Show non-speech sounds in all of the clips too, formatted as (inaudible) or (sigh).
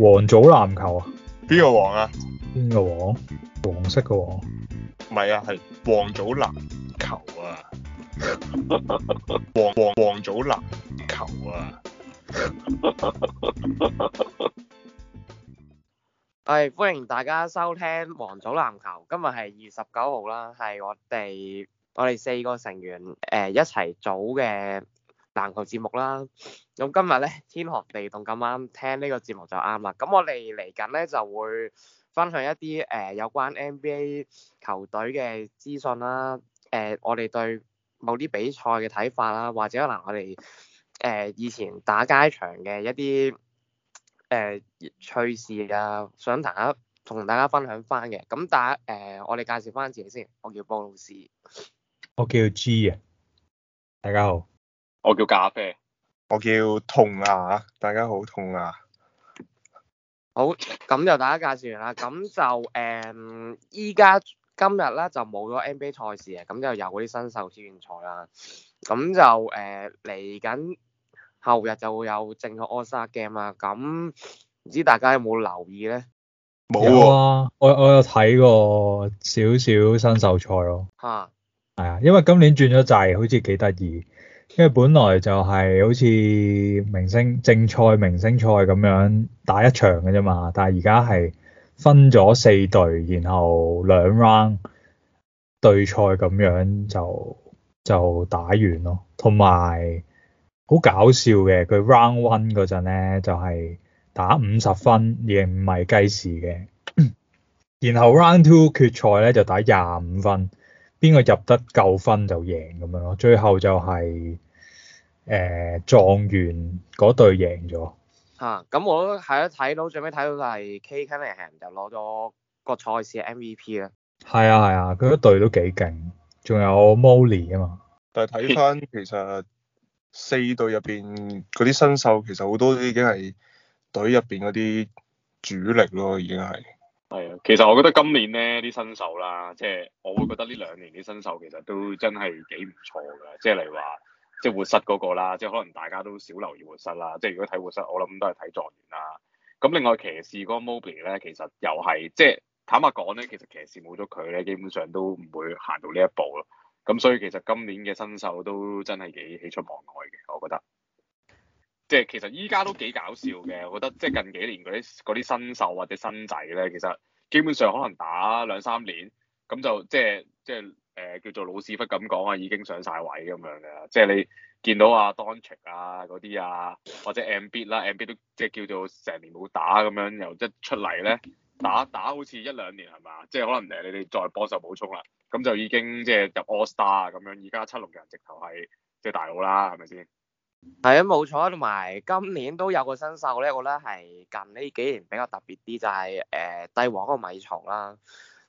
王祖籃球啊？邊個王啊？邊個王？黃色嘅黃？唔係啊，係王祖籃球啊！王王王祖籃球啊！係，歡迎大家收聽王祖籃球，今日係二十九號啦，係我哋我哋四個成員誒一齊組嘅。籃球節目啦，咁今日咧天寒地凍，咁啱聽呢個節目就啱啦。咁我哋嚟緊咧就會分享一啲誒、呃、有關 NBA 球隊嘅資訊啦。誒、呃，我哋對某啲比賽嘅睇法啦，或者可能我哋誒、呃、以前打街場嘅一啲誒、呃、趣事啊，想談呀同大家分享翻嘅。咁大家誒、呃，我哋介紹翻自己先，我叫布魯斯，我叫 G 啊。大家好。我叫咖啡，我叫痛啊！大家好痛啊！好，咁就大家介紹完啦。咁就誒，依、嗯、家今日咧就冇咗 NBA 賽事啊，咁就有嗰啲新秀挑戰賽啦。咁就誒，嚟、嗯、緊後日就會有正確 All Star Game 啦。咁唔知大家有冇留意咧？冇啊！有我我有睇過少少新秀賽咯。吓哈，係啊，因為今年轉咗制，好似幾得意。因為本來就係好似明星正賽、明星賽咁樣打一場嘅啫嘛，但係而家係分咗四隊，然後兩 round 對賽咁樣就就打完咯。同埋好搞笑嘅，佢 round one 嗰陣咧就係、是、打五十分，而唔係計時嘅。然後 round two 決賽咧就打廿五分。邊個入得夠分就贏咁樣咯，最後就係誒狀元嗰隊贏咗。啊，咁我都係一睇到最尾睇到就係 Cade Cunningham 就攞咗個賽事 MVP 啦。係啊係啊，佢、啊、一隊都幾勁，仲有 Molly 啊嘛。但係睇翻其實四隊入邊嗰啲新秀，其實好多已經係隊入邊嗰啲主力咯，已經係。係啊，其實我覺得今年咧啲新秀啦，即係我會覺得呢兩年啲新秀其實都真係幾唔錯噶，即係嚟話即係活塞嗰個啦，即係可能大家都少留意活塞啦，即係如果睇活塞，我諗都係睇狀元啦。咁另外騎士嗰個 Mobley 咧，其實又係即係坦白講咧，其實騎士冇咗佢咧，基本上都唔會行到呢一步咯。咁所以其實今年嘅新秀都真係幾喜出望外嘅，我覺得。即係其實依家都幾搞笑嘅，我覺得即係近幾年嗰啲嗰啲新秀或者新仔咧，其實基本上可能打兩三年，咁就即係即係誒叫做老屎忽咁講啊，已經上晒位咁樣嘅。即係你見到啊 Doncic 啊嗰啲啊，或者 Embiid 啦，Embiid 都即係叫做成年冇打咁樣，由一出嚟咧打打好似一兩年係嘛？即係可能你哋再幫手補充啦，咁就已經即係入 All Star 咁樣。而家七六人直頭係即係大佬啦，係咪先？係啊，冇錯，同埋今年都有個新秀咧，我覺得係近呢幾年比較特別啲，就係、是、誒帝王嗰個米蟲啦。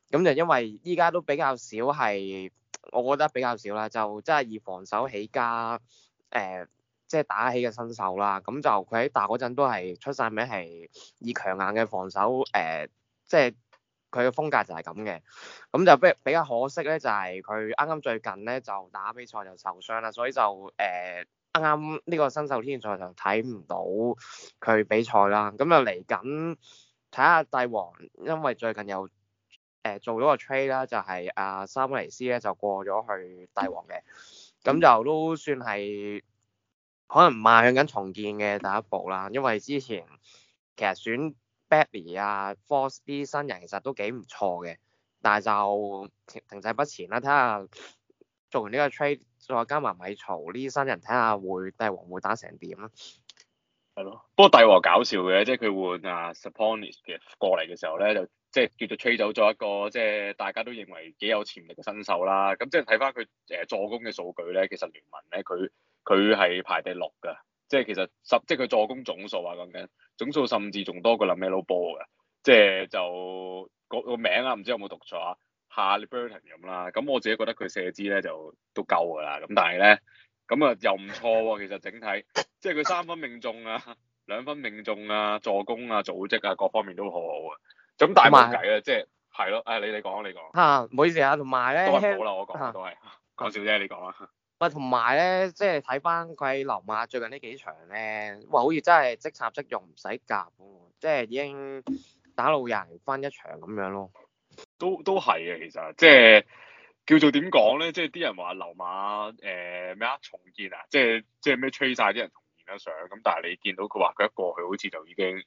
咁就因為依家都比較少係，我覺得比較少啦，就真係以防守起家，誒即係打起嘅新秀啦。咁就佢喺大嗰陣都係出晒名，係以強硬嘅防守，誒即係佢嘅風格就係咁嘅。咁就比比較可惜咧，就係佢啱啱最近咧就打比賽就受傷啦，所以就誒。呃啱啱呢個新秀天才就睇唔到佢比賽啦，咁就嚟緊睇下帝王，因為最近又誒做咗個 trade 啦，啊，就係阿沙奎雷斯咧就過咗去帝王嘅，咁就都算係可能邁向緊重建嘅第一步啦，因為之前其實選 Bagley 啊，Fox 啲新人其實都幾唔錯嘅，但係就停停滯不前啦，睇下。做完呢個 trade，再加埋米曹，呢啲新人，睇下會帝王會打成點咧。係咯，不過帝王搞笑嘅，即係佢換阿 Sabonis 嘅過嚟嘅時候咧，就即係叫做 trade 走咗一個即係大家都認為幾有潛力嘅新手啦。咁即係睇翻佢誒助攻嘅數據咧，其實聯盟咧佢佢係排第六噶，即係其實十即係佢助攻總數啊，講緊總數，甚至仲多過林梅洛波嘅，即係就個、嗰個名啊，唔知有冇讀錯啊？哈利伯頓咁啦，咁我自己覺得佢射姿咧就都夠噶啦，咁但係咧咁啊又唔錯喎，其實整體即係佢三分命中啊，兩分命中啊，助攻啊，組織啊各方面都好好啊。咁但係冇計啊，即係係咯，誒你你講你講嚇，唔好意思啊，同埋咧，都係冇啦，我講都係講笑啫，你講啦。唔同埋咧，即係睇翻佢喺溜馬最近呢幾場咧，哇！好似真係即插即用，唔使夾喎，即係已經打到廿零分一場咁樣咯。都都係嘅，其實即係叫做點講咧？即係啲人話流馬誒咩啊重建啊，即係即係咩吹晒啲人重建得上。咁，但係你見到佢話佢一過去，好似就已經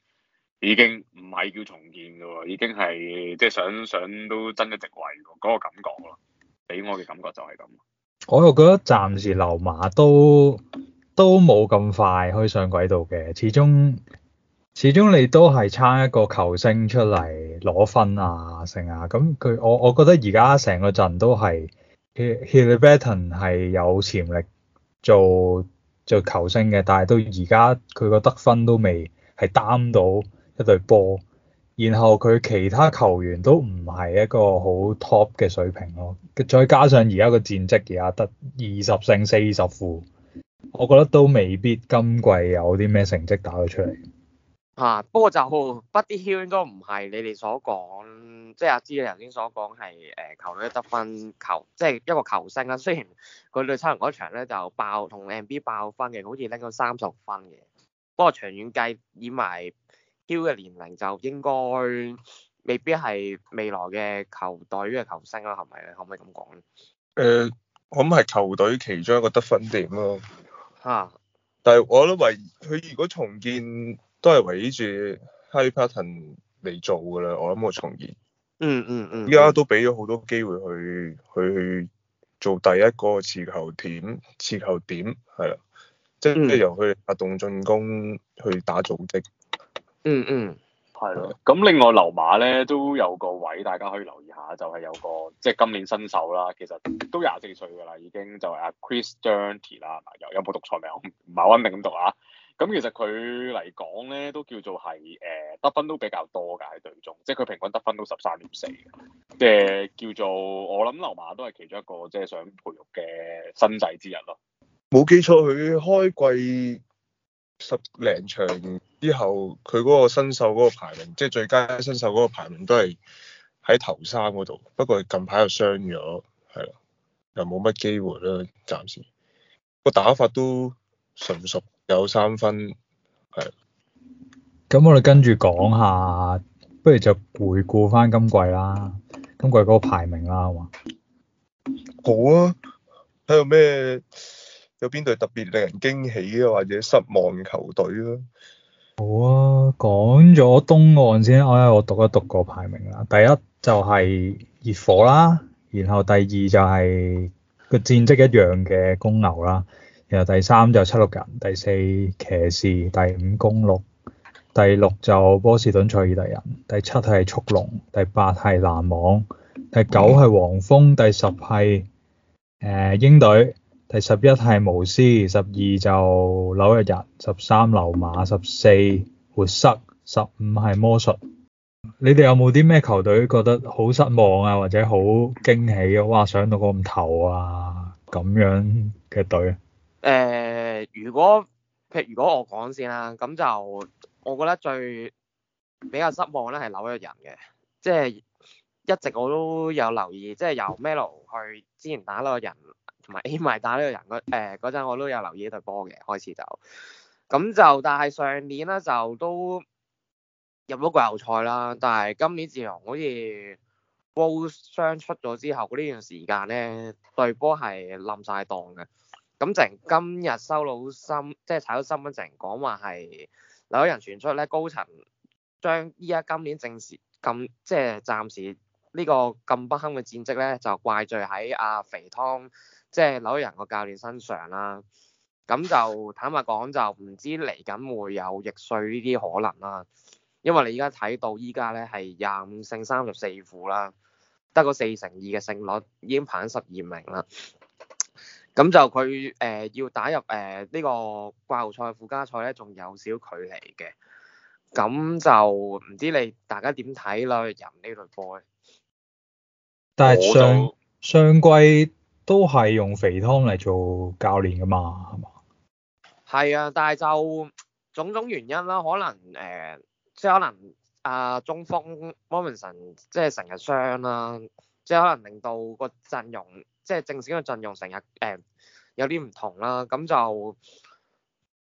已經唔係叫重建㗎喎，已經係即係想想都爭一席位嗰、那個感覺咯，俾我嘅感覺就係咁。我又覺得暫時流馬都都冇咁快可以上軌道嘅，始終。始終你都係撐一個球星出嚟攞分啊，成啊，咁佢我我覺得而家成個陣都係 Haliburton 係有潛力做做球星嘅，但係到而家佢個得分都未係擔到一隊波，然後佢其他球員都唔係一個好 top 嘅水平咯。再加上而家個戰績而家得二十勝四十負，我覺得都未必今季有啲咩成績打得出嚟。吓、啊，不過就畢啲囂應該唔係你哋所講，即係阿知你頭先所講係誒球隊得分球，即係一個球星啦。雖然佢對差唔多場咧就爆同 NBA 爆分嘅，好似拎咗三十分嘅。不過長遠計，以埋囂嘅年齡，就應該未必係未來嘅球隊嘅球星啦，係咪你可唔可以咁講咧？誒、呃，咁係球隊其中一個得分點咯、啊。吓、啊，但係我諗為佢如果重建。都係圍住 Haliburton 嚟做㗎啦，我諗我從而，嗯嗯嗯，依家都俾咗好多機會去去，去做第一嗰個持球點，持球點係啦，即係由佢阿發動進攻去打組織。嗯嗯，係、嗯、咯。咁另外流馬咧都有個位大家可以留意下，就係、是、有個即係、就是、今年新手啦，其實都廿四歲㗎啦已經，就係阿 Chris Duarte 啦，有有冇讀錯名？唔係我肯定咁讀啊。咁其實佢嚟講咧，都叫做係誒得分都比較多噶喺隊中，即係佢平均得分都十三點四嘅。即係叫做我諗，流馬都係其中一個即係想培育嘅新仔之一咯。冇記錯，佢開季十零場之後，佢嗰個新秀嗰個排名，即係最佳新秀嗰個排名都係喺頭三嗰度。不過近排又傷咗，係啦，又冇乜機會啦，暫時。個打法都純熟。有三分係，咁我哋跟住講下，不如就回顧翻今季啦，今季嗰個排名啦，好，好啊，睇下咩有邊隊特別令人驚喜嘅或者失望嘅球隊啊？好啊，講咗東岸先，我、哎、我讀一讀個排名啦，第一就係熱火啦，然後第二就係個戰績一樣嘅公牛啦。然後第三就七六人，第四騎士，第五公鹿，第六就波士頓賽爾特人，第七係速龍，第八係籃網，第九係黃蜂，第十係誒鷹隊，第十一係巫師，十二就紐約人，十三溜馬，十四活塞，十五係魔術。你哋有冇啲咩球隊覺得好失望啊，或者好驚喜啊？哇！上到咁頭啊，咁樣嘅隊。誒、呃，如果譬如果我講先啦，咁就我覺得最比較失望咧係紐約人嘅。即、就、係、是、一直我都有留意，即、就、係、是、由 Melo 去之前打呢個人，同埋 a m 打呢個人，個誒嗰陣我都有留意呢隊波嘅開始就，咁就但係上年咧就都入咗季後賽啦，但係今年自從好似波傷出咗之後，呢段時間咧隊波係冧晒檔嘅。咁成今日收到新，即係睇到新聞，成講話係紐約人傳出咧，高層將依家今年正時咁，即係暫時呢個咁不堪嘅戰績咧，就怪罪喺阿肥湯，即係紐約人個教練身上啦。咁就坦白講，就唔知嚟緊會有易帥呢啲可能啦。因為你而家睇到依家咧係廿五勝三十四負啦，得個四成二嘅勝率，已經排十二名啦。咁就佢誒、呃、要打入誒呢、呃這個季後賽附加賽咧，仲有少距離嘅。咁就唔知你大家點睇啦？入呢輪波。但係上就上季都係用肥湯嚟做教練㗎嘛，係嘛？係啊，但係就種種原因啦、啊，可能誒，即、呃、係、就是、可能啊、呃、中鋒 m o m o n 即係成日傷啦、啊，即、就、係、是、可能令到個陣容。即係正選嘅陣容成日誒有啲唔同啦，咁就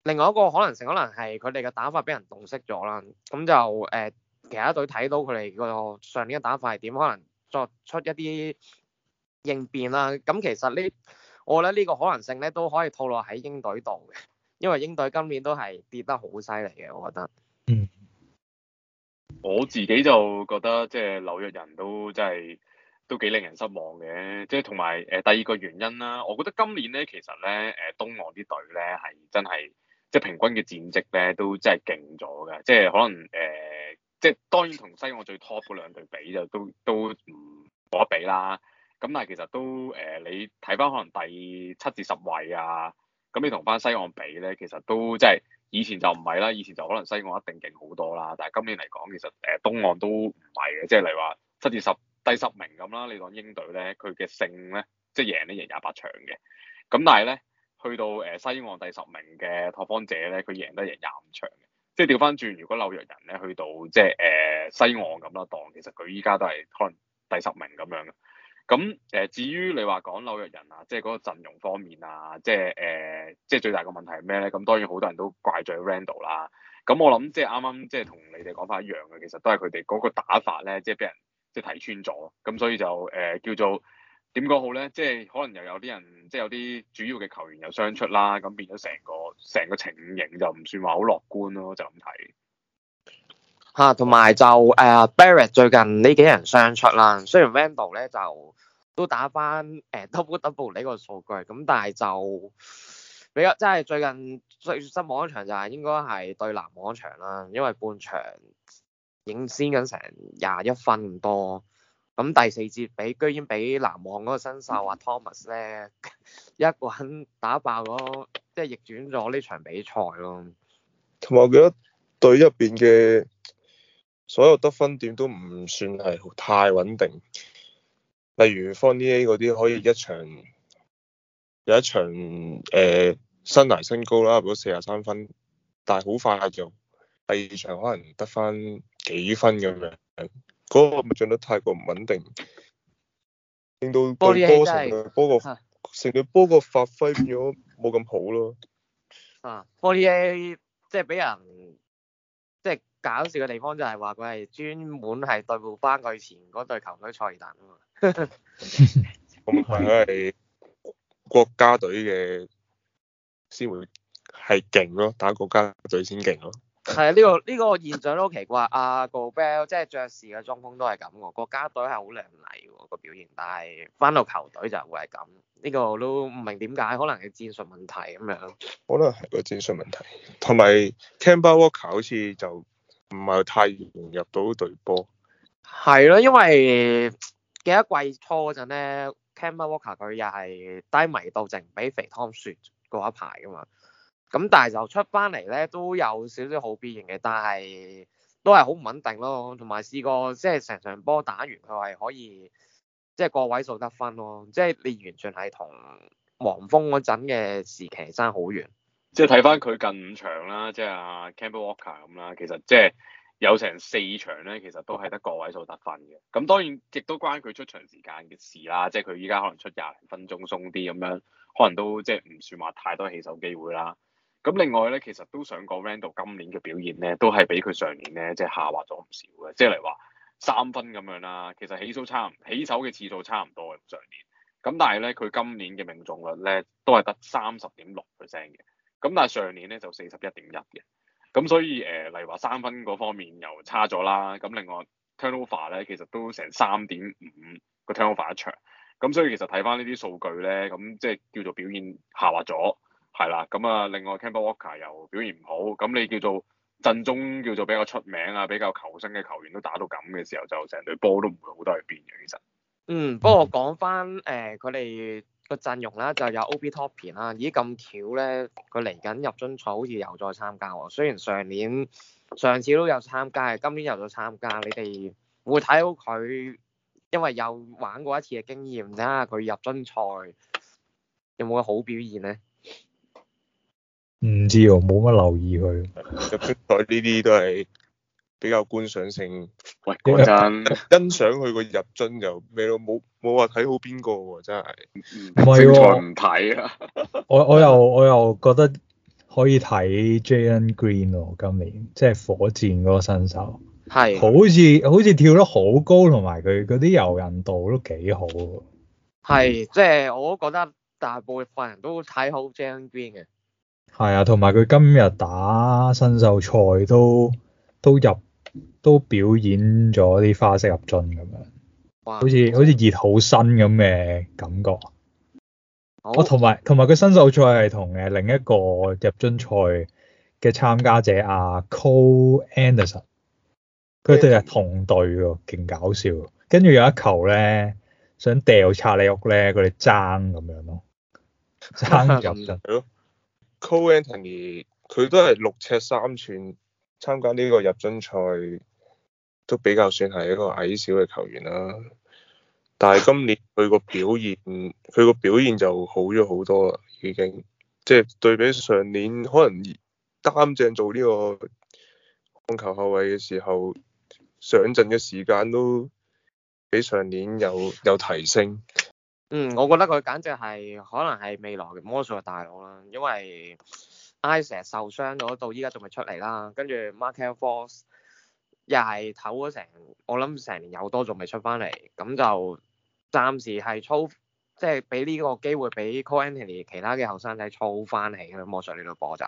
另外一個可能性可能係佢哋嘅打法俾人洞悉咗啦，咁就誒、呃、其他隊睇到佢哋個上年嘅打法係點，可能作出一啲應變啦。咁其實呢，我覺得呢個可能性咧都可以套落喺鷹隊度嘅，因為鷹隊今年都係跌得好犀利嘅，我覺得。嗯。我自己就覺得即係紐約人都真係。都幾令人失望嘅，即係同埋誒第二個原因啦。我覺得今年咧，其實咧誒、呃、東岸啲隊咧係真係即係平均嘅戰績咧都真係勁咗嘅。即、就、係、是、可能誒，即、呃、係、就是、當然同西岸最 top 兩隊比就都都唔可比啦。咁但係其實都誒、呃，你睇翻可能第七至十位啊，咁你同翻西岸比咧，其實都即係、就是、以前就唔係啦，以前就可能西岸一定勁好多啦。但係今年嚟講，其實誒、呃、東岸都唔係嘅，即、就、係、是、例如話七至十。第十名咁啦，你當英隊咧，佢嘅勝咧，即係贏呢贏廿八場嘅，咁但係咧，去到誒、呃、西岸第十名嘅拓荒者咧，佢贏得贏廿五場嘅，即係調翻轉，如果紐約人咧去到即係誒、呃、西岸咁啦，當其實佢依家都係可能第十名咁樣嘅。咁誒、呃，至於你話講紐約人啊，即係嗰個陣容方面啊，即係誒、呃，即係最大嘅問題係咩咧？咁當然好多人都怪罪 Randle 啦。咁我諗即係啱啱即係同你哋講法一樣嘅，其實都係佢哋嗰個打法咧，即係俾人。即係睇穿咗，咁所以就誒、呃、叫做點講好咧？即係可能又有啲人，即係有啲主要嘅球員又傷出啦，咁變咗成個成個情形就唔算話好樂觀咯，就咁睇。嚇、啊，同埋就誒、uh, Barrett 最近呢幾人傷出啦，雖然 Randle 咧就都打返誒、uh, double double 呢個數據，咁但係就比較即係最近最最新網嗰場就係應該係對籃網嗰場啦，因為半場。影先緊成廿一分咁多，咁第四節比居然比籃網嗰個新秀啊，Thomas 咧一個人打爆咗，即係逆轉咗呢場比賽咯。同埋我覺得隊入邊嘅所有得分點都唔算係太穩定，例如 Fournier 嗰啲可以一場有一場誒、呃、新嚟新高啦，如果四十三分，但係好快就第二場可能得翻。幾分咁樣，嗰、那個咪進得太過唔穩定，令到個波成個波個成個波個發揮變咗冇咁好咯。啊 Fournier 即係俾人即係、就是、搞笑嘅地方就係話佢係專門係對付返佢前嗰隊球隊 Celtics 啊。咁佢係國家隊嘅先會係勁咯，打國家隊先勁咯。係呢個呢個現象都好奇怪啊，Gobert 即係爵士嘅中鋒都係咁嘅，國家隊係好靚麗嘅個表現，但係翻到球隊就會係咁。呢個我都唔明點解，可能係戰術問題咁樣。可能係個戰術問題，同埋 Camber Walker 好似就唔係太容易入到隊波。係咯，因為記得季初嗰陣咧，Camber Walker 佢又係低迷到，淨俾肥湯雪過一排㗎嘛。咁但係就出翻嚟咧，都有少少好表現嘅，但係都係好唔穩定咯。同埋試過即係成場波打完佢係可以即係個位數得分咯，即係你完全係同黃蜂嗰陣嘅時期爭好遠。即係睇翻佢近五場啦，即係阿 Kemba Walker 咁啦，其實即係有成四場咧，其實都係得個位數得分嘅。咁當然亦都關佢出場時間嘅事啦，即係佢依家可能出廿零分鐘鬆啲咁樣，可能都即係唔算話太多起手機會啦。咁另外咧，其實都想講 Randall 今年嘅表現咧，都係比佢上年咧，即係下滑咗唔少嘅。即係例如話三分咁樣啦，其實起手差唔多，起手嘅次數差唔多嘅上年。咁但係咧，佢今年嘅命中率咧都係得三十點六 percent 嘅。咁但係上年咧就四十一點一嘅。咁所以誒、呃，例如話三分嗰方面又差咗啦。咁另外 turnover 咧，其實都成三點五個 turnover 一場。咁所以其實睇翻呢啲數據咧，咁即係叫做表現下滑咗。係啦，咁啊，另外 Camber Walker 又表現唔好，咁你叫做陣中叫做比較出名啊、比較球星嘅球員都打到咁嘅時候，就成隊波都唔會好大變嘅。其實，嗯，不過講返誒佢哋個陣容啦，就有 Obi Toppin 啦，咦咁巧咧，佢嚟緊入樽賽，好似又再參加喎、喔。雖然上年上次都有參加，今年又再參加，你哋會睇到佢因為有玩過一次嘅經驗睇下、啊、佢入樽賽有冇好表現咧？唔知喎，冇乜留意佢 (laughs) 入樽台呢啲都係比較觀賞性。喂，嗰陣欣賞佢個入樽就未咯，冇冇話睇好邊個喎？真係唔係唔睇啊！我我又我又覺得可以睇 Jalen Green 咯，今年即係火箭嗰個新手，係的好似好似跳得好高，同埋佢嗰啲遊人度都幾好。係即係我都覺得大部分人都睇好 Jalen Green 嘅。係啊，同埋佢今日打新秀賽都都入都表演咗啲花式入樽咁樣，好似好似熱好身咁嘅感覺。哦好，同埋同埋佢新秀賽係同誒另一個入樽賽嘅參加者阿、啊、Cole Anderson，佢哋係同隊喎，勁搞笑。跟住有一球咧想掉叉你屋咧，佢哋爭咁樣咯，爭入樽。 (laughs) Cole Anthony 佢都係六尺三寸，參加呢個入樽賽都比較算係一個矮小嘅球員啦。但係今年佢個表現，佢個表現就好咗好多啦，已經即係、就是、對比上年，可能擔正做呢個控球後衞嘅時候，上陣嘅時間都比上年有有提升。嗯，我覺得佢簡直係可能係未來魔術嘅大佬啦，因為 Isaac 成日受傷咗到依家仲未出嚟啦，跟住 Markelle Fultz 又係唞咗成，我諗成年有多仲未出翻嚟，咁就暫時係操，即係俾呢個機會俾 Cole Anthony 其他嘅後生仔操翻起啦，魔術呢度播就，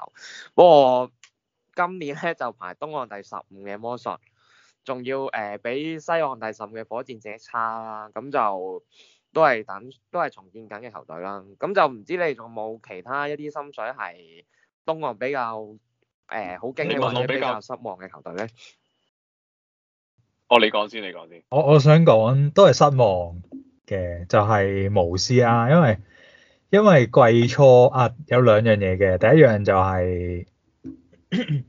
不過今年咧就排東岸第十五嘅魔術，仲要誒、呃、比西岸第十五嘅火箭者差啦，咁就。都係等，都係重建緊嘅球隊啦。咁就唔知你仲冇其他一啲心水係東岸比較誒好、呃、驚嘅或者比較失望嘅球隊咧？哦，你講先，你講先。我我想講都係失望嘅，就係、是、巫師啊，因為因為季初啊有兩樣嘢嘅，第一樣就係、是。咳咳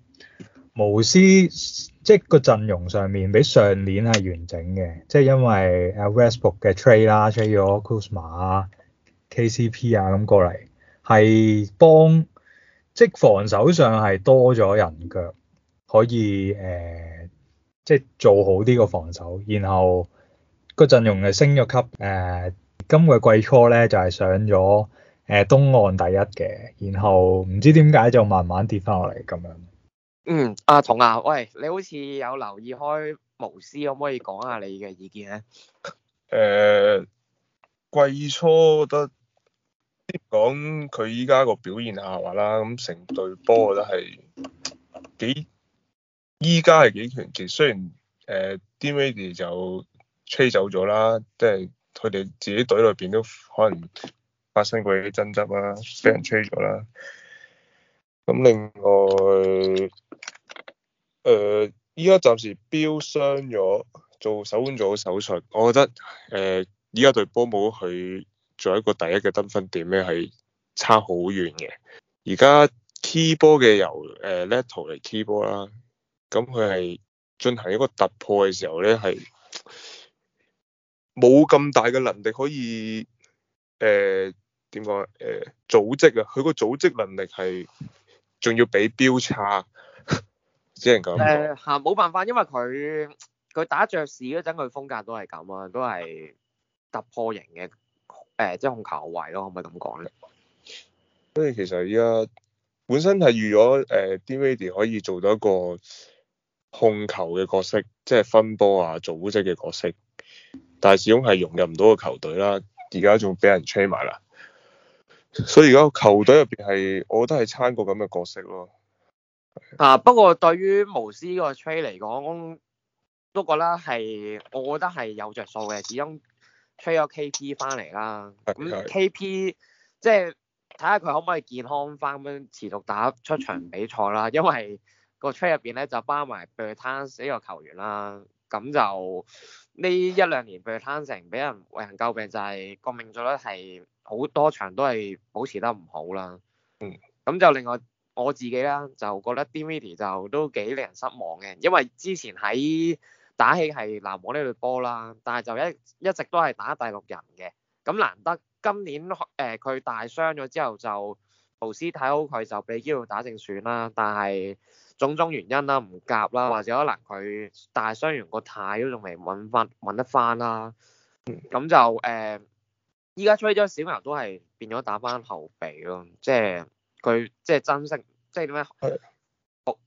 巫師即係個陣容上面比上年係完整嘅，即係因為 Westbrook 嘅 trade 啦，trade 咗 Kuzma、KCP 啊咁過嚟，係幫即係防守上係多咗人腳，可以誒、呃、即係做好呢個防守，然後個陣容係升咗級，誒、呃、今個季初咧就係、是、上咗誒、呃、東岸第一嘅，然後唔知點解就慢慢跌翻落嚟咁樣。嗯，阿、啊、松啊，喂，你好似有留意開巫師，可唔可以講下你嘅意見咧？誒、呃，季初得講佢依家個表現下滑啦，咁成隊波我都係幾依家係幾團結，雖然誒、呃、Dwight 就吹走咗啦，即係佢哋自己隊裏邊都可能發生過啲爭執啦，俾人吹咗啦。咁另外，誒、呃，依家暫時標傷咗，做手腕做手術。我覺得，誒、呃，依家隊波冇去做一個第一嘅得分點咧，係差好遠嘅。而、呃、家 key 波嘅由誒 letto 嚟 key 波啦，咁佢係進行一個突破嘅時候咧，係冇咁大嘅能力可以，誒、呃，點講誒，組織啊，佢個組織能力係。仲要俾標差，只能夠。誒吓，冇辦法，因為佢佢打爵士嗰陣，佢風格都係咁啊，都係突破型嘅誒，即、呃係、控球位咯，可唔可以咁講咧？所以其實而家本身係預咗誒 d v d 可以做到一個控球嘅角色，即係分波啊，組織嘅角色，但係始終係融入唔到個球隊啦。而家仲俾人吹埋啦。所以而家球隊入邊係，我覺得係參個咁嘅角色咯。嗱、啊，不過對於無私個 trade 嚟講，都覺啦，係，我覺得係有着數嘅，始終 trade 咗 KP 翻嚟啦。咁 KP 即係睇下佢可唔可以健康翻，咁持續打出場比賽啦。因為個 trade 入邊咧就包埋被 u 死 t 個球員啦，咁就。呢一兩年被人，譬如攤城俾人為人詬病就係個命中率係好多場都係保持得唔好啦。嗯，咁就另外我自己啦，就覺得 Dinwiddie 就都幾令人失望嘅，因為之前喺打起係籃網呢隊波啦，但係就一一直都係打第六人嘅。咁難得今年誒佢、呃、大傷咗之後就～巫師睇好佢就俾機會打正選啦，但係種種原因啦，唔夾啦，或者可能佢大傷完個態、呃、都仲未揾翻揾得翻啦，咁就誒依家出咗小牛都係變咗打翻後備咯，即係佢即係珍惜，即係點樣？的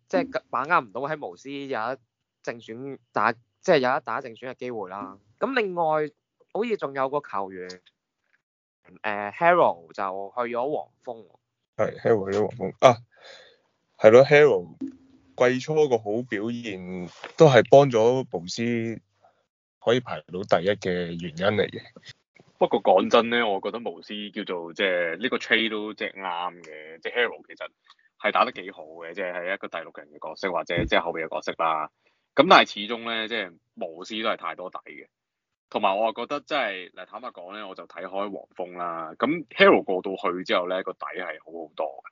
即係把握唔到喺巫師有一正選打，即係有一打正選嘅機會啦。咁另外好似仲有個球員誒、呃、Harold 就去咗黃蜂。係 Harrell 呢咧，黃蜂啊，係咯 Harrell 季初一個好表現，都係幫咗巫師可以排，排到第一嘅原因嚟嘅。不過講真咧，我覺得巫師叫做即係呢個 trade 都即係啱嘅，即係 Harrell 其實係打得幾好嘅，即係係一個第六人嘅角色或者即係後備嘅角色啦。咁但係始終咧，即係巫師都係太多底嘅。同埋我啊覺得即係，嗱坦白講咧，我就睇開黃蜂啦。咁 Hero 過到去之後咧，個底係好好多嘅。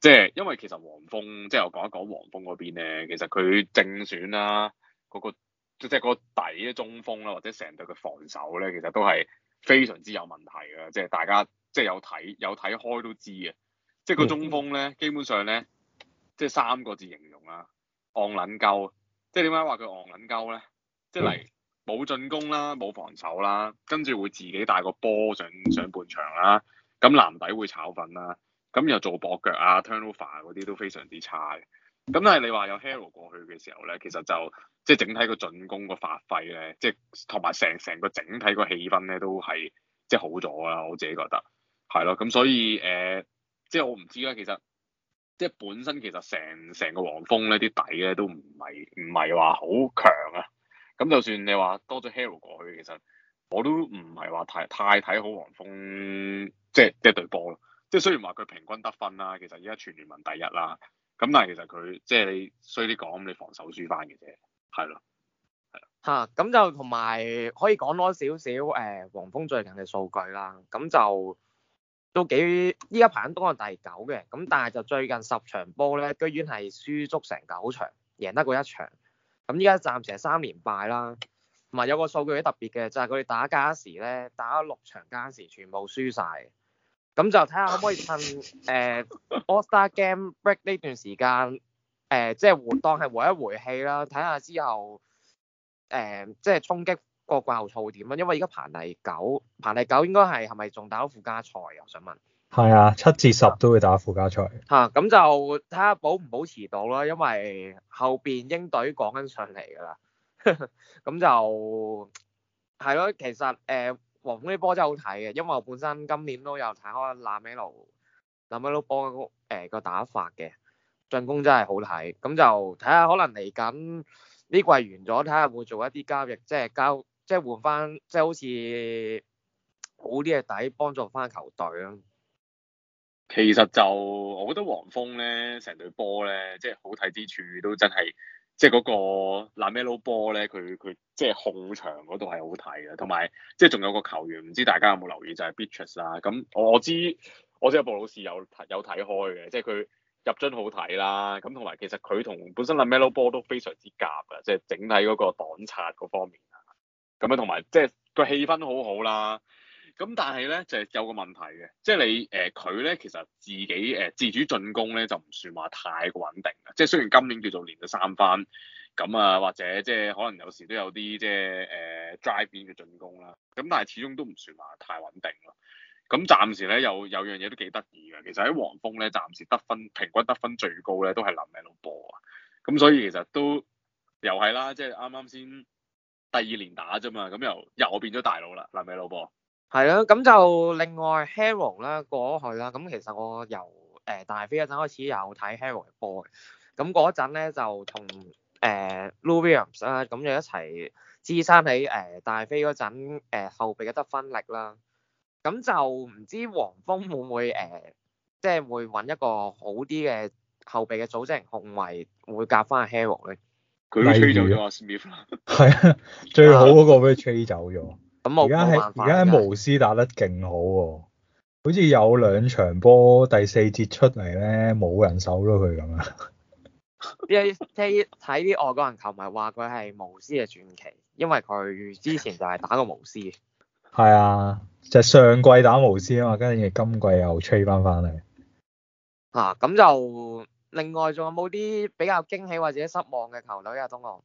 即係因為其實黃蜂，即係我講一講黃蜂嗰邊咧，其實佢正選啦、啊，嗰、那個即係即係個底嘅中鋒啦，或者成隊嘅防守咧，其實都係非常之有問題嘅。即係大家即係有睇有睇開都知嘅。即係個中鋒咧，基本上咧，即係三個字形容啦、啊，昂捻鳩。即係點解話佢昂捻鳩咧？即係嚟。冇進攻啦，冇防守啦，跟住會自己帶個波上上半場啦，咁籃底會炒粉啦，咁又做搏腳啊、turnover 嗰啲都非常之差嘅。咁但係你話有 hero 過去嘅時候咧，其實就即係整體個進攻個發揮咧，即係同埋成成個整體個氣氛咧，都係即係好咗啦。我自己覺得係咯。咁所以誒、呃，即係我唔知啦。其實即係本身其實成成個黃蜂呢啲底咧都唔係唔係話好強啊。咁就算你話多咗 Hero 過去，其實我都唔係話太太睇好黃蜂，即係對波咯。即係雖然話佢平均得分啦，其實而家全聯盟第一啦。咁但係其實佢即係你衰啲講，你防守輸翻嘅啫，係咯，係啊。咁就同埋可以講多少少誒黃蜂最近嘅數據啦。咁就都幾呢一排都係第九嘅。咁但係就最近十場波咧，居然係輸足成九場，贏得過一場。咁依家暫時係三連敗啦，同埋有個數據好特別嘅，就係佢哋打加時咧，打咗六場加時全部輸晒。咁就睇下可唔可以趁誒、呃、All Star Game Break 呢段時間，誒、呃、即係回當係回一回氣啦，睇下之後誒、呃、即係衝擊個季後賽點啊？因為而家排第九，排第九應該係係咪仲打到附加賽啊？我想問。係啊，七至十都會打附加賽。嚇、啊，咁就睇下保唔保持到啦，因為後邊英隊講緊上嚟噶啦。咁就係咯、啊，其實誒黃蜂波真係好睇嘅，因為我本身今年都有睇開拉米魯、拉米魯波誒個打法嘅，進攻真係好睇。咁就睇下可能嚟緊呢季完咗，睇下會做一啲交易，即係交即係換翻，即係好似好啲嘅底，幫助翻球隊咯。其實就我覺得黃蜂咧成隊波咧，即係好睇之處都真係，即係嗰個拉梅洛波咧，佢佢即係控場嗰度係好睇嘅，同埋即係仲有個球員，唔知大家有冇留意就係比切斯啦。咁我知我知布魯士有老有睇開嘅，即係佢入樽好睇啦。咁同埋其實佢同本身拉梅洛波都非常之夾噶，即係整體嗰個擋拆嗰方面啊。咁樣同埋即係個氣氛好好啦。咁但係咧就係、是、有個問題嘅，即係你誒佢咧其實自己誒、呃、自主進攻咧就唔算話太穩定啦。即係雖然今年叫做連咗三番咁啊，或者即係可能有時都有啲即係誒、呃、drive in 嘅進攻啦。咁但係始終都唔算話太穩定咯。咁暫時咧有有樣嘢都幾得意嘅，其實喺黃蜂咧暫時得分平均得分最高咧都係林彌老波啊。咁所以其實都又係啦，即係啱啱先第二年打啫嘛。咁又又變咗大佬啦，林彌老波。係啦，咁就另外 Harrell 咧過咗去啦。咁其實我由誒大飛嗰陣開始有睇 Harrell 嘅波嘅。咁嗰陣咧就同誒、呃、Lou Williams 啦，咁就一齊支撐起誒、呃、大飛嗰陣誒後備嘅得分力啦。咁就唔知黃蜂會唔會誒、呃，即係會搵一個好啲嘅後備嘅組織型控衛，會夾翻阿 Harrell 咧？佢吹走咗阿 Smith 啦。係啊，最好嗰個俾佢吹走咗。 (laughs) 而家喺而家喺巫師打得勁好喎、啊， (laughs) 好似有兩場波第四節出嚟咧，冇人守咗佢咁啊！ (laughs) 一睇啲外國人球迷話佢係巫師嘅傳奇，因為佢之前就係打過巫師，係 (laughs) 啊，就係、上季打巫師啊嘛，跟住今季又 trade 翻翻嚟。啊，咁就另外仲有冇啲比較驚喜或者失望嘅球隊啊？東岸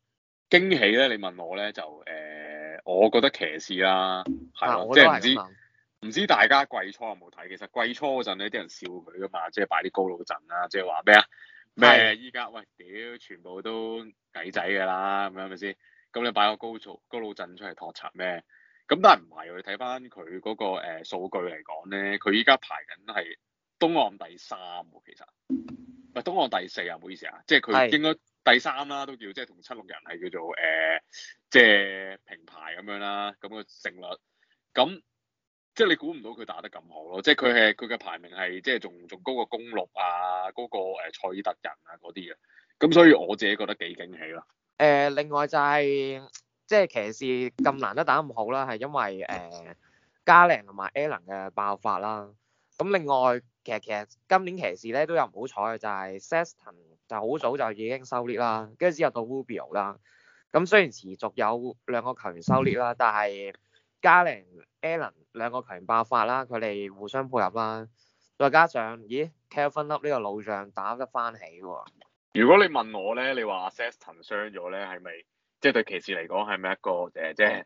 驚喜咧？你問我咧就誒。呃我覺得騎士啦、啊，係咯、啊，啊、即係唔知唔、啊、知大家季初有冇睇？其實季初嗰陣咧，啲人笑佢噶嘛，即係擺啲高佬陣啦、啊，即係話咩啊？咩依家喂屌，全部都矮仔㗎啦，咁樣係咪先？咁你擺個高草高佬陣出嚟托賊咩？咁但係唔係？我哋睇翻佢嗰個誒、呃、數據嚟講咧，佢依家排緊係東岸第三喎、啊，其實，唔、啊、係東岸第四啊，唔好意思啊，即係佢應該。是 第三啦，都叫即係同七六人係叫做誒、呃就是，即係平排咁樣啦，咁個勝率，咁即係你估唔到佢打得咁好咯，即係佢係佢嘅排名係即係仲仲高過公鹿啊，嗰個誒賽爾特人啊嗰啲啊。咁所以我自己覺得幾驚喜啦。誒，另外就係即係騎士咁難得打咁好啦，係因為誒、呃、Garland 同埋 Allen 嘅爆發啦。咁另外其實其實今年騎士咧都有唔好彩嘅，就係、是、Sexton 就好早就已經收烈啦，跟住之後到 Rubio 啦，咁雖然持續有兩個球員收烈啦，但係 Garland、Allen 兩個球員爆發啦，佢哋互相配合啦，再加上咦 Kevin Love 呢個老將打得翻起喎。如果你問我咧，你話 Sexton 傷咗咧，係咪即係對騎士嚟講係咪一個誒即係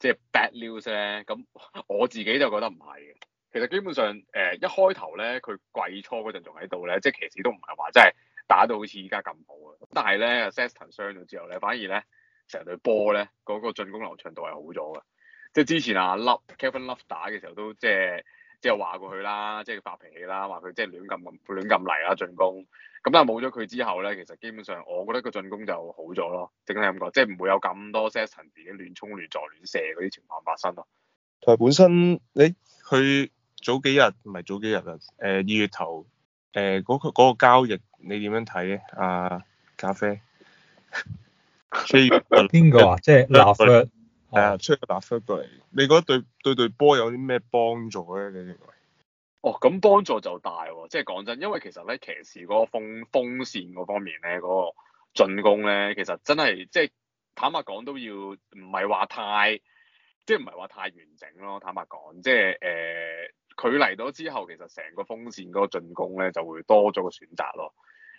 即係 bad news 咧？咁我自己就覺得唔係嘅。其實基本上誒、呃、一開頭咧，佢季初嗰陣仲喺度咧，即係騎士都唔係話真係。即係打到好似依家咁好啊！咁但係咧，Sexton 傷咗之後咧，反而咧成隊波咧嗰個進攻流暢度係好咗嘅。即係之前啊，Love、Kevin Love 打嘅時候都即係即係話過佢啦，即係發脾氣啦，話佢即係亂咁亂咁嚟啦進攻。咁但係冇咗佢之後咧，其實基本上我覺得個進攻就好咗咯，整體咁講，即係唔會有咁多 Sexton 自己亂衝亂撞亂射嗰啲情況發生咯。佢本身你佢、欸、早幾日唔係早幾日啊？誒、呃、二月頭。誒，嗰個、呃嗰個交易你點樣睇嘅、啊？咖啡，所以邊個啊？即係拉夫出拉夫過嚟。你覺得對對隊波有啲咩幫助咧？你認為？哦，咁幫助就大，即係講真，因為其實咧，騎士嗰個鋒鋒線嗰方面咧，嗰、嗰個進攻咧，其實真係即係坦白講都要，唔係話太，即係唔係話太完整咯。坦白講，即係誒。呃呃佢嚟咗之後，其實成個風扇嗰個進攻呢就會多咗個選擇咯。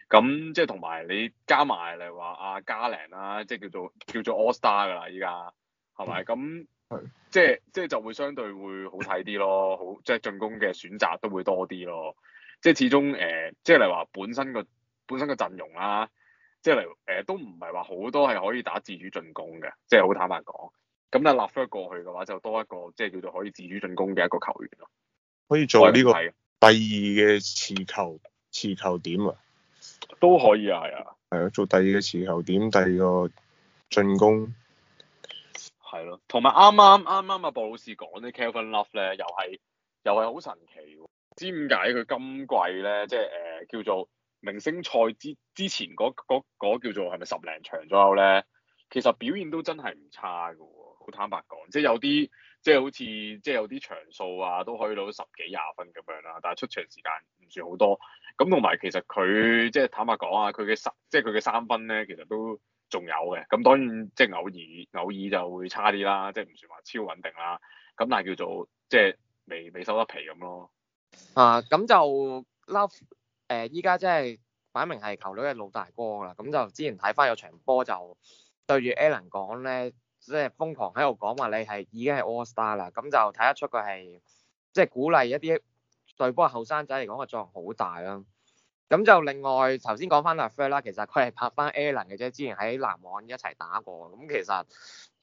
咁即係同埋你加埋例如話阿加蘭啦，即係叫做叫做 all star 噶啦，依家係咪？咁即係即係就會相對會好睇啲咯，好即係進攻嘅選擇都會多啲咯。即係始終誒、呃，即係例如話本身個本身個陣容啦、啊，即係例如都唔係話好多係可以打自主進攻嘅，即係好坦白講。咁但立夫過去嘅話就多一個即係叫做可以自主進攻嘅一個球員咯。可以做為、這、呢個的第二嘅持球持球點啊，都可以啊，係啊，係啊，做第二嘅持球點，第二個進攻，係咯。同埋啱啱啱啱阿布老師講呢 Kevin Love 咧，又係又係好神奇喎。知唔知點解佢今季咧，即係誒、呃、叫做明星賽之之前嗰、那、嗰、個那個那個、叫做係咪十零場左右咧，其實表現都真係唔差㗎喎。好坦白講，即係有啲。即係好似即係有啲場數啊，都可以攞到十幾廿分咁樣啦，但係出場時間唔算好多。咁同埋其實佢即係坦白講啊，佢嘅三即係佢嘅三分咧，其實都仲有嘅。咁當然即係偶爾偶爾就會差啲啦，即係唔算話超穩定啦。咁但係叫做即係未未收得皮咁咯。啊，咁就 Love 誒依家即係擺明係球隊嘅老大哥啦。咁就之前睇翻有場波就對住 Allen 講咧。即係瘋狂喺度講話你係已經係 All Star 啦，咁就睇得出佢係即係鼓勵一啲隊波後生仔嚟講個作用好大啦。咁就另外頭先講翻阿 LeVert 啦，其實佢係拍翻 Allen 嘅啫，之前喺籃網一齊打過。咁其實